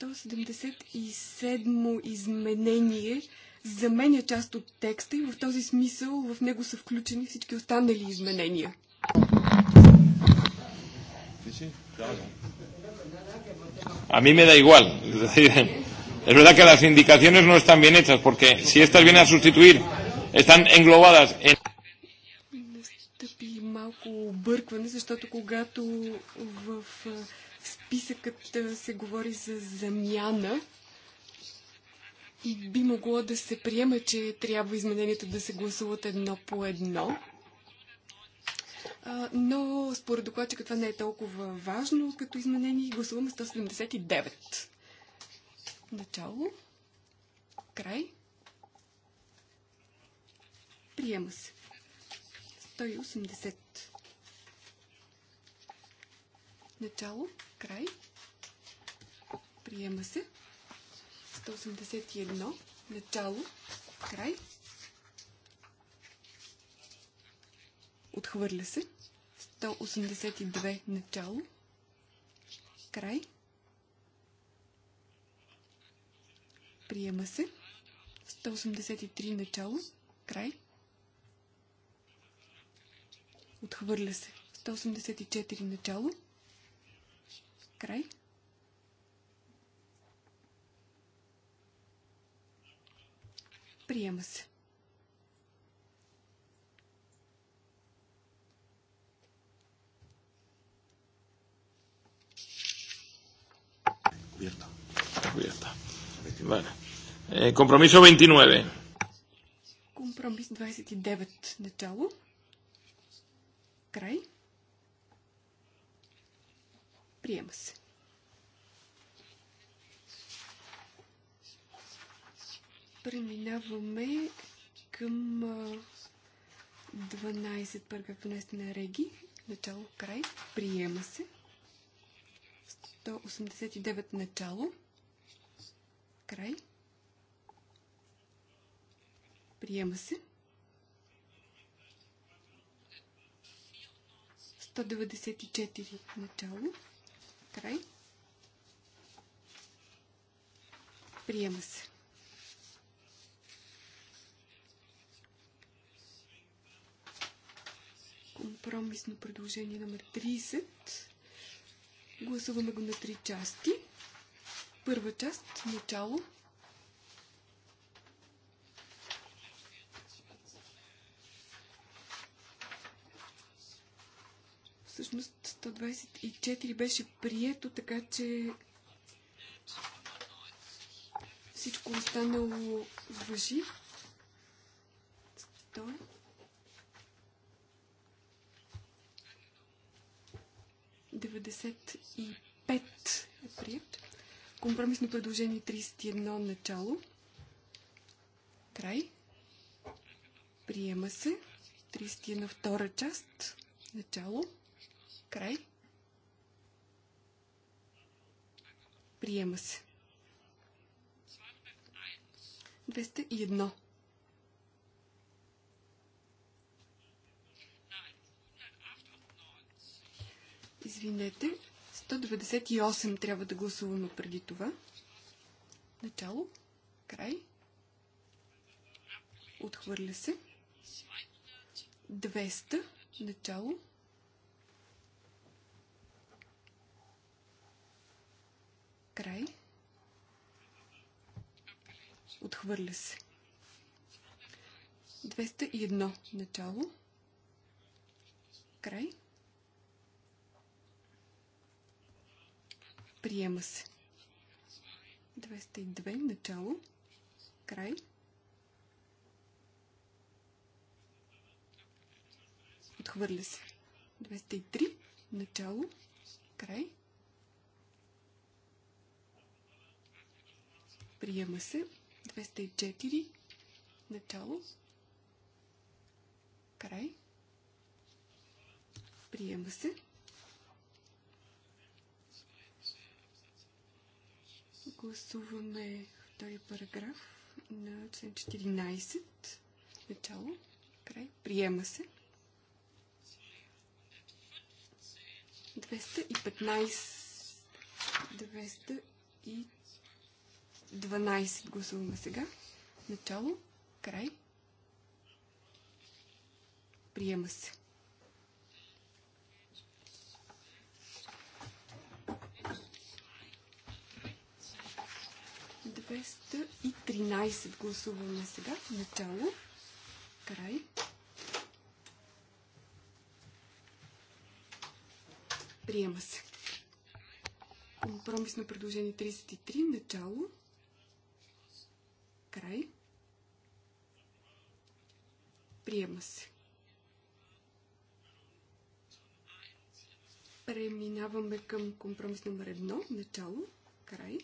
S4: 177-о е изменение заменя е част от текста и в този смисъл в него са включени всички останали изменения.
S1: A mí me da igual. Es verdad que las indicaciones no están bien hechas, porque si estas vienen a sustituir, están englobadas en.
S4: Настъпи малко объркване, защото когато в списъкът се говори за замяна и би могло да се приема, че трябва измененията да се гласуват едно по едно. Но според докладчика това не е толкова важно като изменение гласуваме 179. Начало. Край. Приема се. 180. Начало, край. Приема се. 181. Начало, край. Отхвърля се. 182. Начало, край. Приема се. 183. Начало, край. Отхвърля се. 184. Начало, край. Край. Приема се.
S1: Abierta. Abierta. Vale. Eh, compromiso 29.
S4: Компромис 29. Начало. Край. Приема се. Преминаваме към 12, параграф 12 на Реги. Начало, край. Приема се. 189 начало. Край. Приема се. 194 начало. Край. Приема се. Компромисно предложение номер 30. Гласуваме го на три части. Първа част начало. Всъщност 124 беше прието, така че всичко останало въжи. Стой. е прият. Компромисно предложение 31 начало. Край. Приема се. 31 втора част. Начало. Край. Приема се. 201. Извинете, 198 трябва да гласуваме преди това. Начало, край. Отхвърля се. 200. Начало. Край. Отхвърля се. 201 начало. Край. Приема се. 202 начало. Край. Отхвърля се. 203 начало. Край. Приема се. 204. Начало. Край. Приема се. гласуваме втори параграф на член 14. Начало, край, приема се. 215, 215. 12 гласуваме сега. Начало, край. Приема се. и 13 гласуваме сега. Начало, край. Приема се. Компромисно предложение 33. Начало. Край. Приема се. Преминаваме към компромис номер едно. Начало. Край.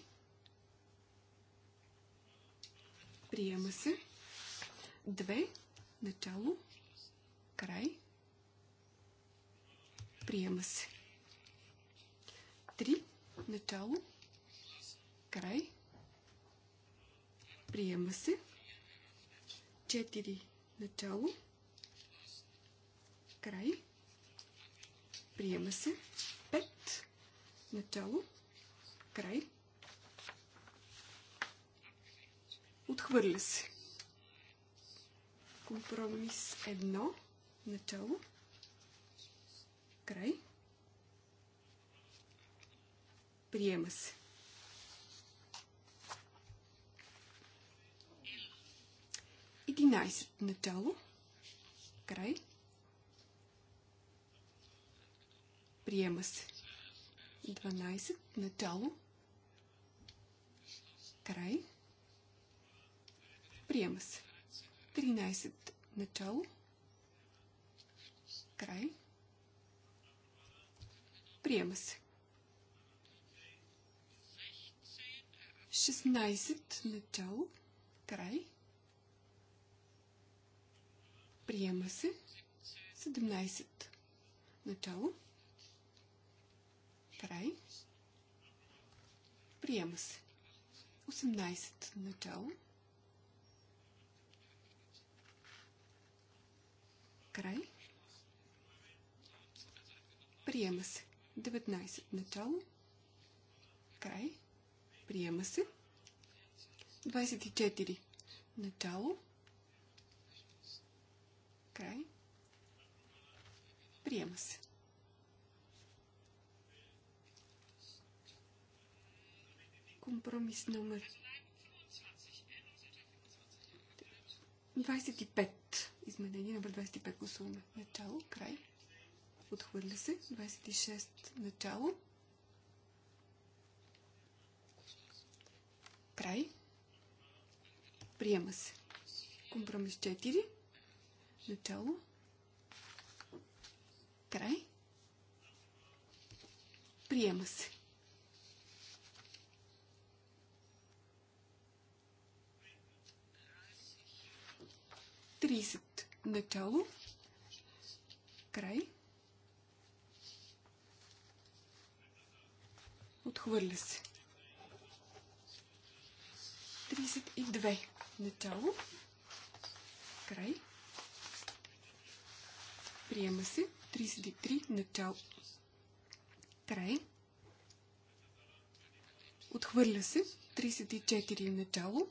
S4: Приема се. Две. Начало. Край. Приема се. Три. Начало. Край. Приема се. 4 начало. Край. Приема се. 5 начало. Край. Отхвърля се. Компромис 1 начало. Край. Приема се. 11. Начало. Край. Приема се. 12. Начало. Край. Приема се. 13. Начало. Край. Приема се. 16. Начало. Край. Приема се. 17. Начало. Край. Приема се. 18. Начало. Край. Приема се. 19. Начало. Край. Приема се. 24. Начало. Край. Приема се. Компромис номер 25. Изменение номер 25 гласуваме. Начало, край. Отхвърля се. 26. Начало. Край. Приема се. Компромис 4. Начало. Край. Приема се. Тридесет. Начало. Край. Отхвърля се. и две Начало. Край. Приема се. 33. Начало. Край. Отхвърля се. 34. Начало.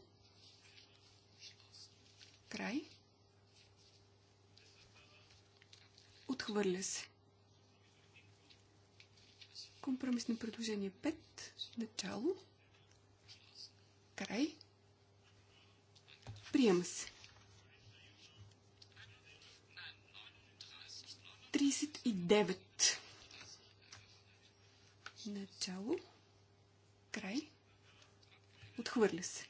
S4: Край. Отхвърля се. Компромисно предложение 5. Начало. Край. Приема се. 39. Начало. Край. Отхвърля се.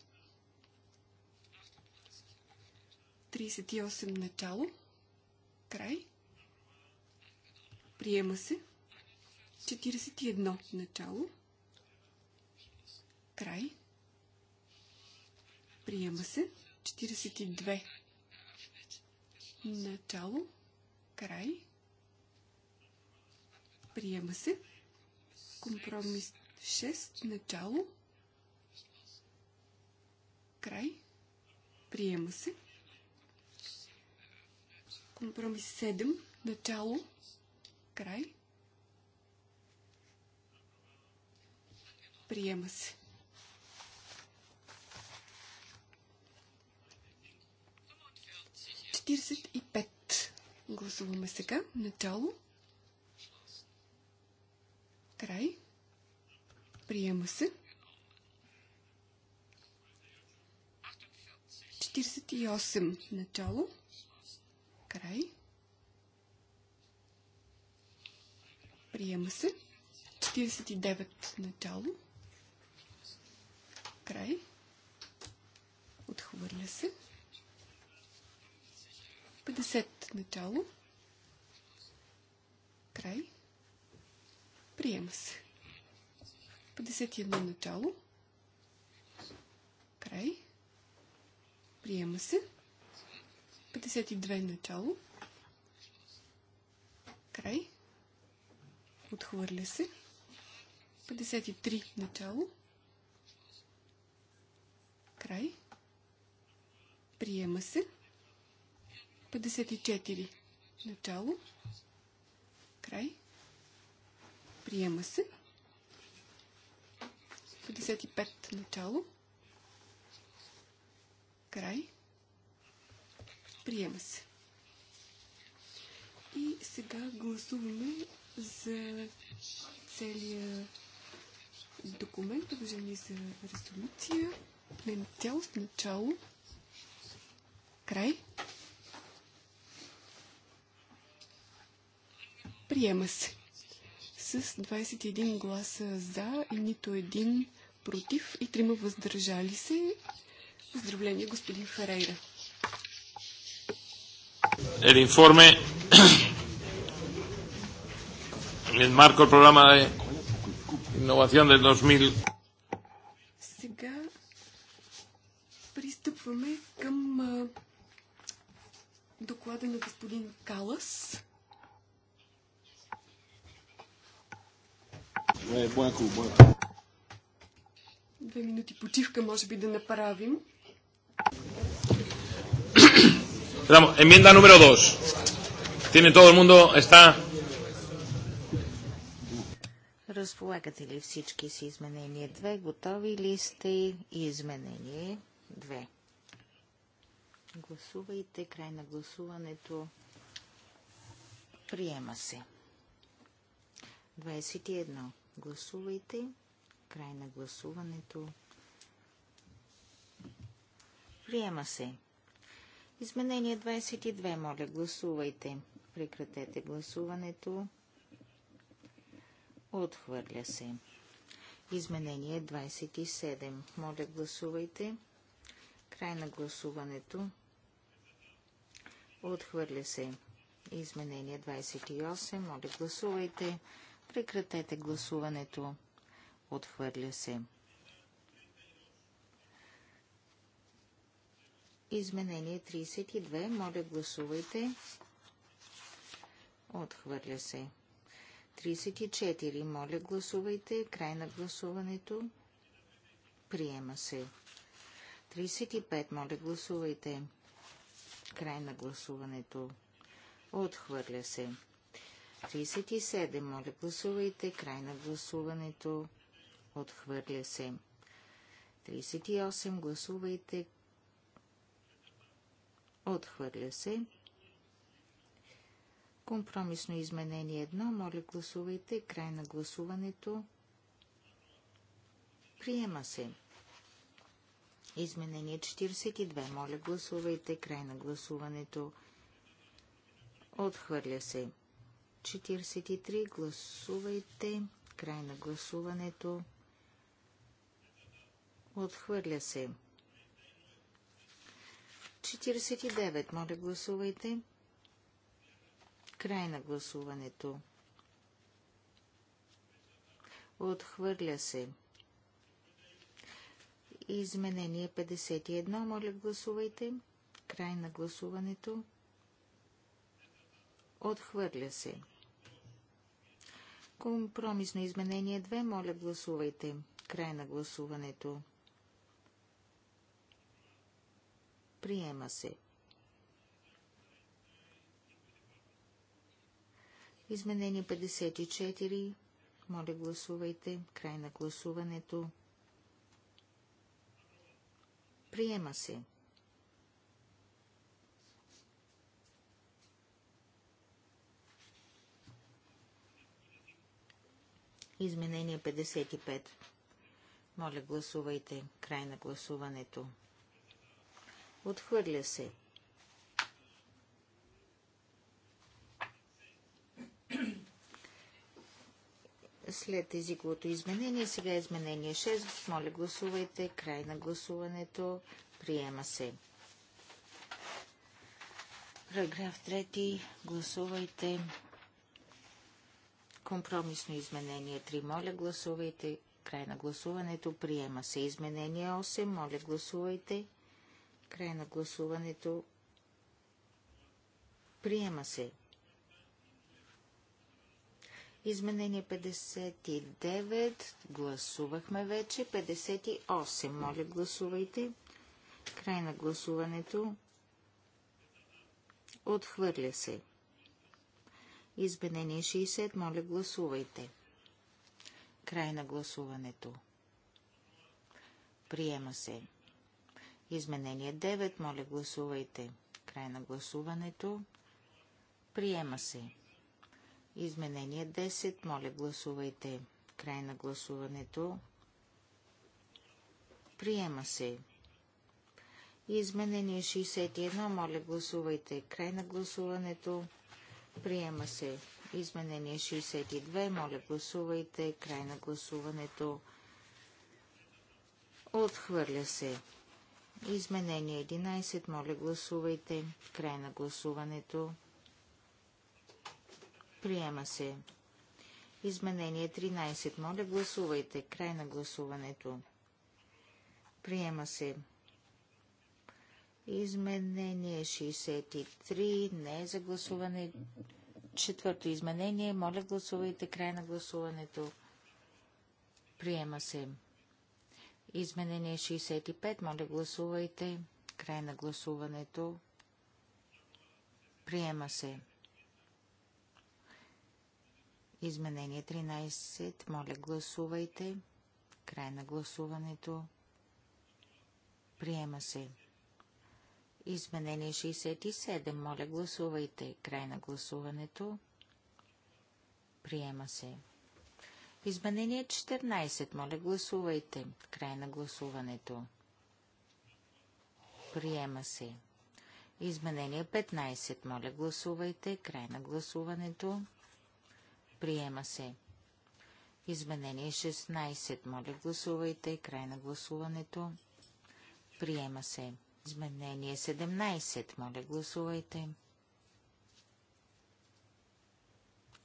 S4: 38 начало. Край. Приема се. 41 начало. Край. Приема се. 42 начало. Край. Приема се. Компромис 6. Начало. Край. Приема се. Компромис 7. Начало. Край. Приема се. Четиридесет и пет. Гласуваме сега. Начало. Край. Приема се. 48. Начало. Край. Приема се. 49. Начало. Край. Отхвърля се. 50. Начало. Край. 51. Приема се. 51 начало. Край. Приема се. 52 начало. Край. Отхвърля се. 53 начало. Край. Приема се. 54 начало. Край. Приема се. 55 начало. Край. Приема се. И сега гласуваме за целия документ, предложение за резолюция, не цялост, начало, край. Приема се с 21 гласа за и нито един против и трима въздържали се. Поздравление, господин Ферейра.
S1: El en marco del programa de innovación del 2000.
S4: Сега пристъпваме към доклада на господин Калас
S3: Buen бойко,
S1: бойко.
S4: Две минути почивка може би да направим.
S1: Damos, enmienda número 2. Tiene todo el mundo, está...
S3: Разполагате ли всички с изменение 2? Готови ли сте? Изменение 2. Гласувайте. Край на гласуването. Приема се. 21. Гласувайте. Край на гласуването. Приема се. Изменение 22. Моля, гласувайте. Прекратете гласуването. Отхвърля се. Изменение 27. Моля, гласувайте. Край на гласуването. Отхвърля се. Изменение 28. Моля, гласувайте. Прекратете гласуването. Отхвърля се. Изменение 32. Моля, гласувайте. Отхвърля се. 34. Моля, гласувайте. Край на гласуването. Приема се. 35. Моля, гласувайте. Край на гласуването. Отхвърля се. 37. Моля, гласувайте. Край на гласуването. Отхвърля се. 38. Гласувайте. Отхвърля се. Компромисно изменение 1. Моля, гласувайте. Край на гласуването. Приема се. Изменение 42. Моля, гласувайте. Край на гласуването. Отхвърля се. 43. Гласувайте. Край на гласуването. Отхвърля се. 49. Моля, гласувайте. Край на гласуването. Отхвърля се. Изменение 51. Моля, гласувайте. Край на гласуването. Отхвърля се. Компромисно изменение 2. Моля, гласувайте. Край на гласуването. Приема се. Изменение 54. Моля, гласувайте. Край на гласуването. Приема се. Изменение 55. Моля, гласувайте. Край на гласуването. Отхвърля се. След езиковото изменение, сега е изменение 6. Моля, гласувайте. Край на гласуването. Приема се. Параграф 3. Гласувайте. Компромисно изменение 3. Моля, гласувайте. Край на гласуването. Приема се изменение 8. Моля, гласувайте. Край на гласуването. Приема се. Изменение 59. Гласувахме вече. 58. Моля, гласувайте. Край на гласуването. Отхвърля се. Изменение 60. Моля, гласувайте. Край на гласуването. Приема се. Изменение 9. Моля, гласувайте. Край на гласуването. Приема се. Изменение 10. Моля, гласувайте. Край на гласуването. Приема се. Изменение 61. Моля, гласувайте. Край на гласуването. Приема се изменение 62. Моля, гласувайте. Край на гласуването. Отхвърля се. Изменение 11. Моля, гласувайте. Край на гласуването. Приема се. Изменение 13. Моля, гласувайте. Край на гласуването. Приема се. Изменение 63, не е за гласуване. Четвърто изменение, моля гласувайте край на гласуването. Приема се. Изменение 65, моля гласувайте край на гласуването. Приема се. Изменение 13. Моля, гласувайте. Край на гласуването. Приема се. Изменение 67. Моля, гласувайте. Край на гласуването. Приема се. Изменение 14. Моля, гласувайте. Край на гласуването. Приема се. Изменение 15. Моля, гласувайте. Край на гласуването. Приема се. Изменение 16. Моля, гласувайте. Край на гласуването. Приема се. Изменение 17. Моля, гласувайте.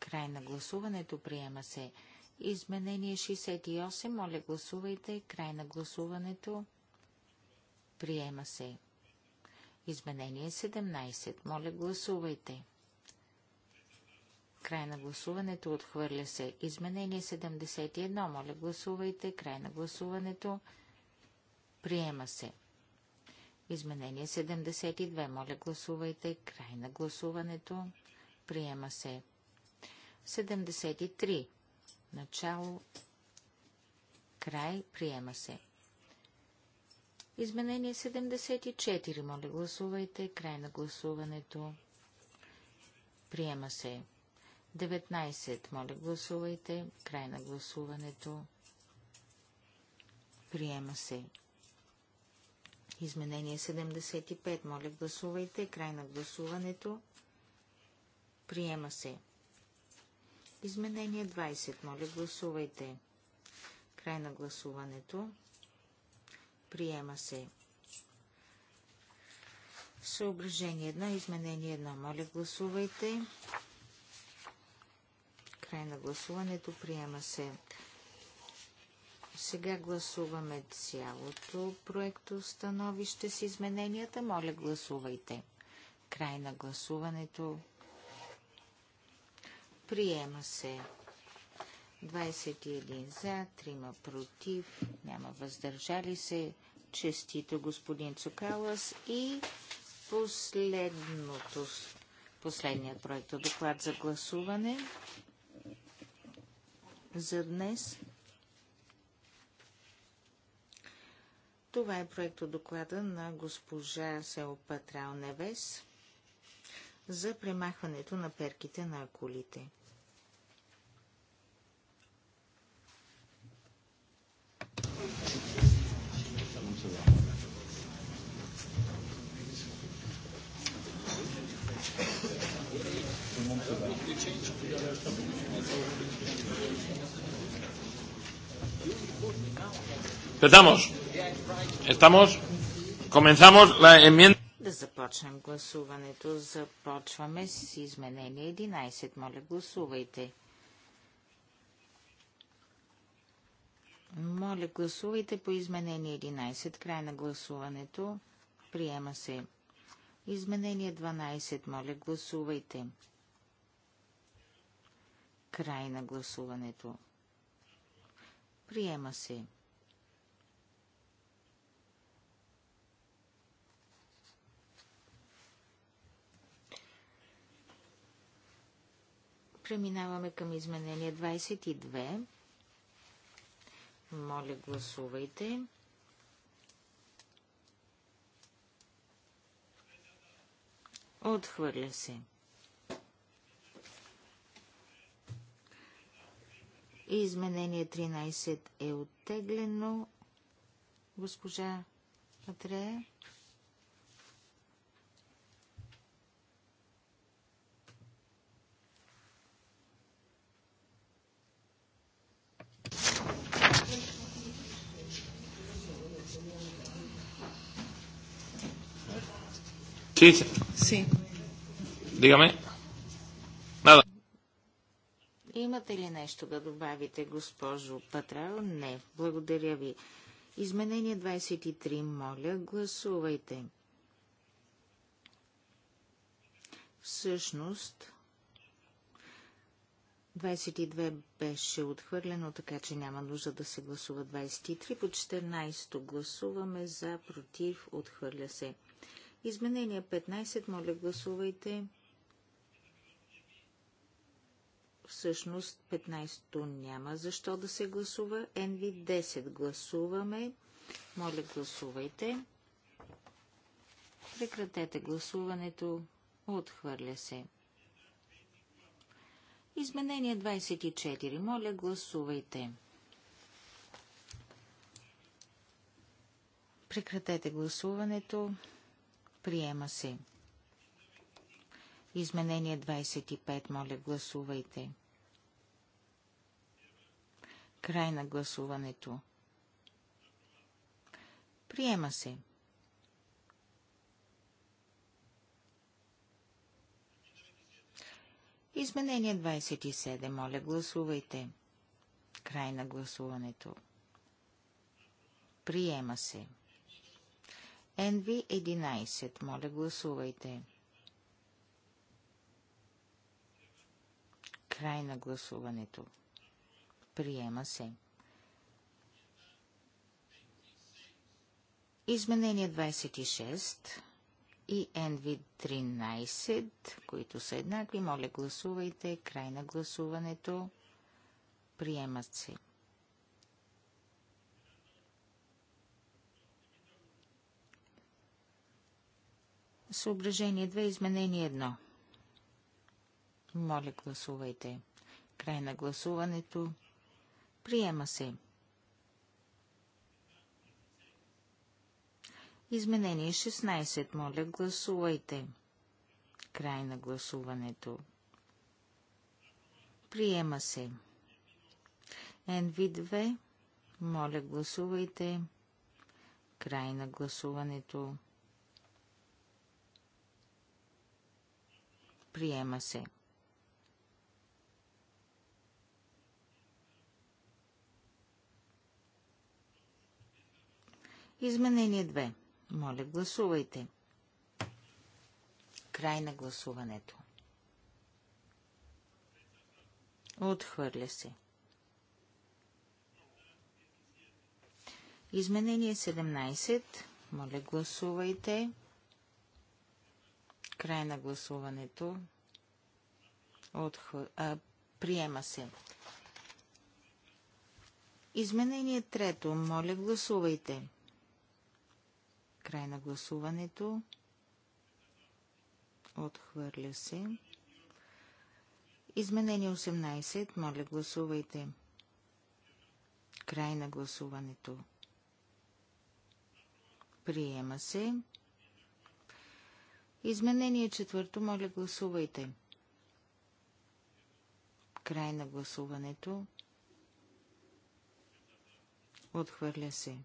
S3: Край на гласуването приема се. Изменение 68. Моля, гласувайте. Край на гласуването. Приема се. Изменение 17. Моля, гласувайте. Край на гласуването. Отхвърля се. Изменение 71. Моля, гласувайте. Край на гласуването. Приема се. Изменение 72. Моля, гласувайте. Край на гласуването. Приема се. 73. Начало. Край. Приема се. Изменение 74. Моля, гласувайте. Край на гласуването. Приема се. 19. Моля, гласувайте. Край на гласуването. Приема се. Изменение 75. Моля, гласувайте. Край на гласуването. Приема се. Изменение 20. Моля, гласувайте. Край на гласуването. Приема се. Съображение 1. Изменение 1. Моля, гласувайте. Край на гласуването. Приема се. Сега гласуваме цялото проекто становище с измененията. Моля, гласувайте. Край на гласуването. Приема се. 21 за, 3 против, няма въздържали се. Честито господин Цукалас и последното, последният проект доклад за гласуване за днес. Това е проект от доклада на госпожа Селпа Патрал Невес за премахването на перките на акулите.
S1: Empezamos. Estamos, comenzamos la enmienda.
S3: Да започнем гласуването. Започваме с изменение 11. Моля, гласувайте. Моля, гласувайте по изменение 11. Край на гласуването. Приема се. Изменение 12. Моля, гласувайте. Край на гласуването. Приема се. Преминаваме към изменение 22. Моля, гласувайте. Отхвърля се. Изменение 13 е оттеглено. Госпожа Матрея.
S1: Sí. Sí. Dígame. Nada.
S3: Имате ли нещо да добавите, госпожо Патрал? Не. Благодаря ви. Изменение 23. Моля, гласувайте. Всъщност, 22 беше отхвърлено, така че няма нужда да се гласува 23. По 14 гласуваме за, против, отхвърля се. Изменение 15, моля гласувайте. Всъщност 15-то няма защо да се гласува. NV 10 гласуваме. Моля гласувайте. Прекратете гласуването. Отхвърля се. Изменение 24. Моля, гласувайте. Прекратете гласуването. Приема се. Изменение 25. Моля, гласувайте. Край на гласуването. Приема се. Изменение 27. Моля, гласувайте. Край на гласуването. Приема се. NV11. Моля, гласувайте. Край на гласуването. Приема се. Изменение 26 и NV13, които са еднакви, моля гласувайте. Край на гласуването. Приемат се. Съображение 2, изменение 1. Моля, гласувайте. Край на гласуването. Приема се. Изменение 16. Моля, гласувайте. Край на гласуването. Приема се. NV2. Моля, гласувайте. Край на гласуването. Приема се. Изменение 2. Моля, гласувайте. Край на гласуването. Отхвърля се. Изменение 17. Моля, гласувайте. Край на гласуването. Отх... А, приема се. Изменение трето. Моля, гласувайте. Край на гласуването. Отхвърля се. Изменение 18. Моля, гласувайте. Край на гласуването. Приема се. Изменение четвърто, моля гласувайте. Край на гласуването. Отхвърля се.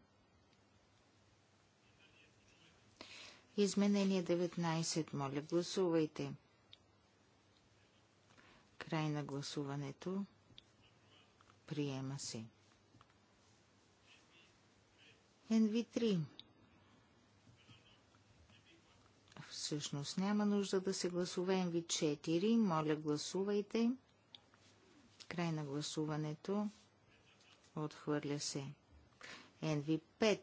S3: Изменение 19. Моля, гласувайте. Край на гласуването. Приема се. NV3. всъщност няма нужда да се гласува МВ4. Моля, гласувайте. Край на гласуването. Отхвърля се. НВ5.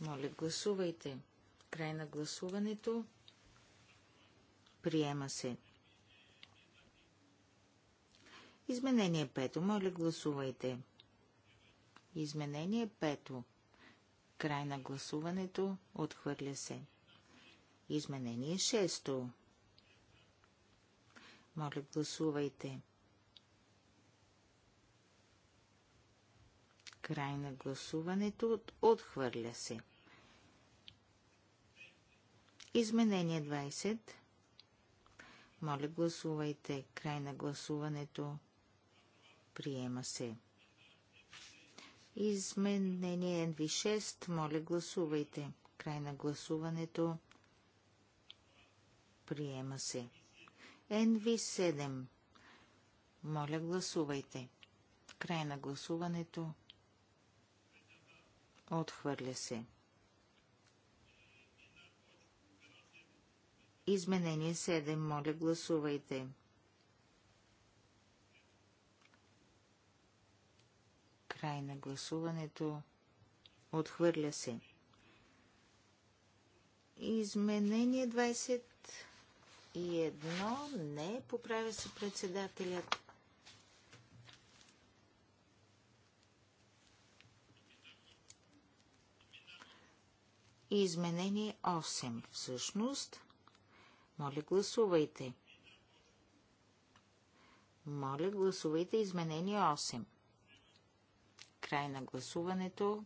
S3: Моля, гласувайте. Край на гласуването. Приема се. Изменение 5. Моля, гласувайте. Изменение 5. Край на гласуването. Отхвърля се. Изменение 6. Моля, гласувайте. Край на гласуването отхвърля се. Изменение 20. Моля, гласувайте. Край на гласуването. Приема се. Изменение NV6. Моля, гласувайте. Край на гласуването. Приема се. NV7. Моля, гласувайте. Край на гласуването. Отхвърля се. Изменение 7. Моля, гласувайте. Край на гласуването. Отхвърля се. Изменение 20. И едно Не, поправя се председателят. изменение 8. Всъщност, моля гласувайте. Моля гласувайте изменение 8. Край на гласуването.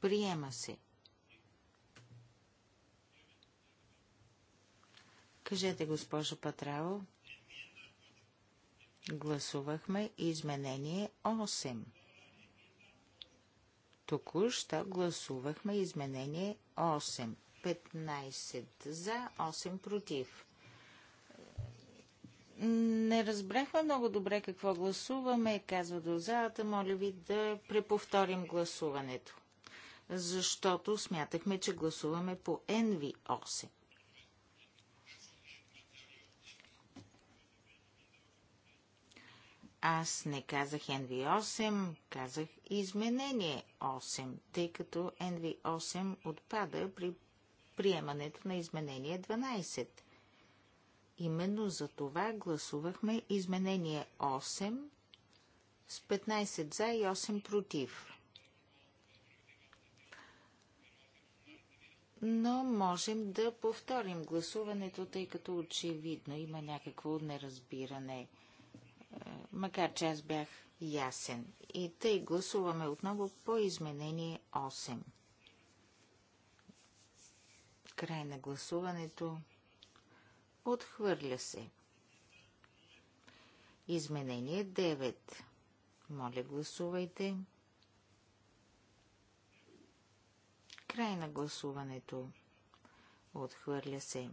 S3: Приема се. Кажете, госпожо Патрао, гласувахме изменение 8. Току-що гласувахме изменение 8. 15 за, 8 против. Не разбрахме много добре какво гласуваме, казва до залата. Моля ви да преповторим гласуването, защото смятахме, че гласуваме по NV8. Аз не казах NV8, казах изменение 8, тъй като NV8 отпада при приемането на изменение 12. Именно за това гласувахме изменение 8 с 15 за и 8 против. Но можем да повторим гласуването, тъй като очевидно има някакво неразбиране – макар че аз бях ясен. И тъй гласуваме отново по изменение 8. Край на гласуването. Отхвърля се. Изменение 9. Моля, гласувайте. Край на гласуването. Отхвърля се.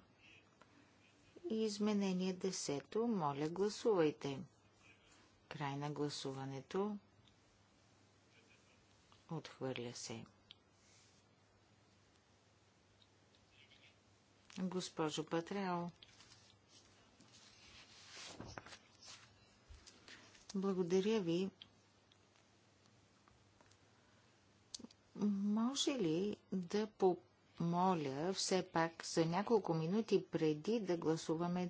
S3: изменение 10. Моля, гласувайте. Край на гласуването. Отхвърля се. Госпожо Патрео. Благодаря ви. Може ли да помоля все пак за няколко минути преди да гласуваме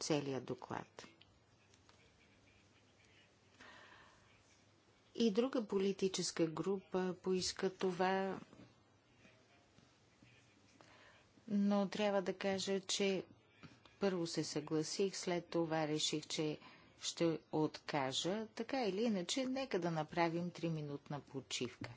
S3: целия доклад? И друга политическа група поиска това, но трябва да кажа, че първо се съгласих, след това реших, че ще откажа. Така или иначе, нека да направим 3-минутна почивка.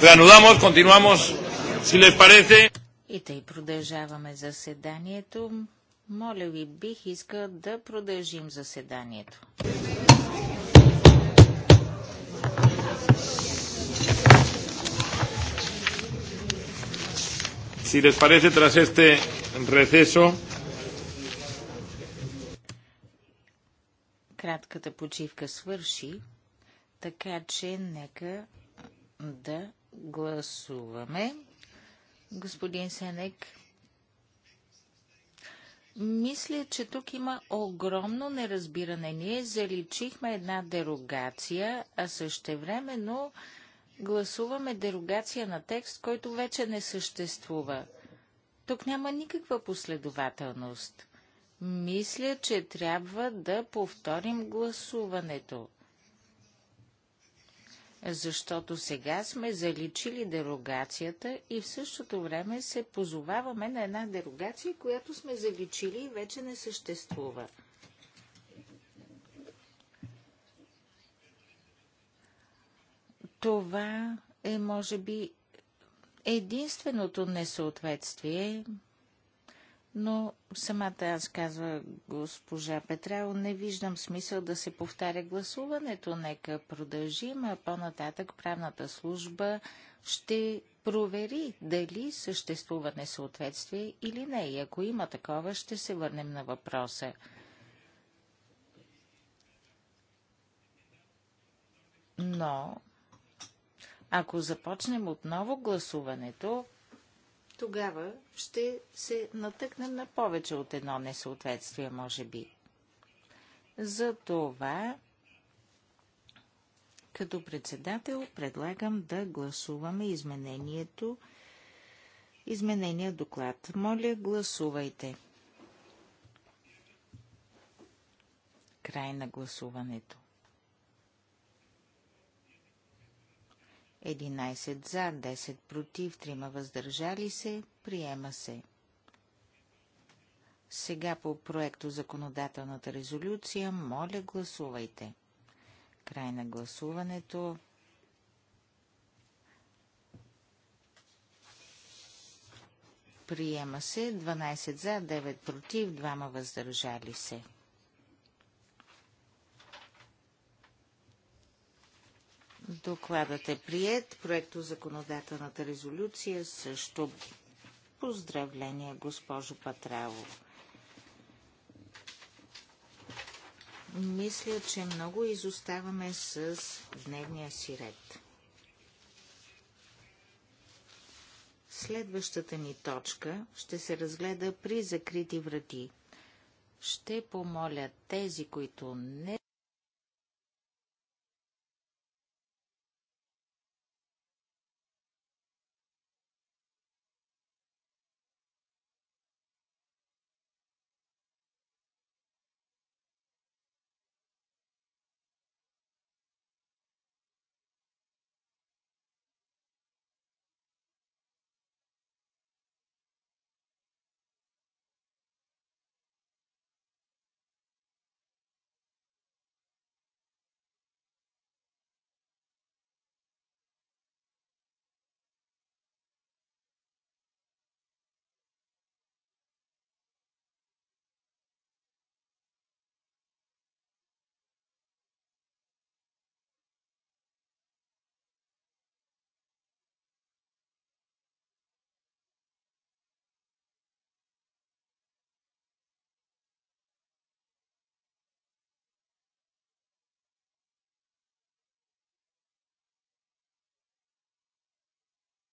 S1: Reanudamos, continuamos, си les парете.
S3: И тъй продължаваме заседанието. Моля ви, бих искал да продължим заседанието.
S1: Си les парете, трас este receso.
S3: Кратката почивка свърши, така че нека да Гласуваме. Господин Сенек, мисля, че тук има огромно неразбиране. Ние заличихме една дерогация, а същевременно гласуваме дерогация на текст, който вече не съществува. Тук няма никаква последователност. Мисля, че трябва да повторим гласуването защото сега сме заличили дерогацията и в същото време се позоваваме на една дерогация, която сме заличили и вече не съществува. Това е, може би, единственото несъответствие но самата аз казва госпожа Петрао, не виждам смисъл да се повтаря гласуването. Нека продължим, а по-нататък правната служба ще провери дали съществува несъответствие или не. И ако има такова, ще се върнем на въпроса. Но, ако започнем отново гласуването, тогава ще се натъкнем на повече от едно несъответствие, може би. Затова, като председател, предлагам да гласуваме изменението, изменения доклад. Моля, гласувайте. Край на гласуването. 11 за, 10 против, 3 въздържали се, приема се. Сега по проекто законодателната резолюция, моля гласувайте. Край на гласуването. Приема се 12 за, 9 против, 2 въздържали се. Докладът е прият. Проекто законодателната резолюция също. Поздравления, госпожо Патраво. Мисля, че много изоставаме с дневния си ред. Следващата ни точка ще се разгледа при закрити врати. Ще помоля тези, които не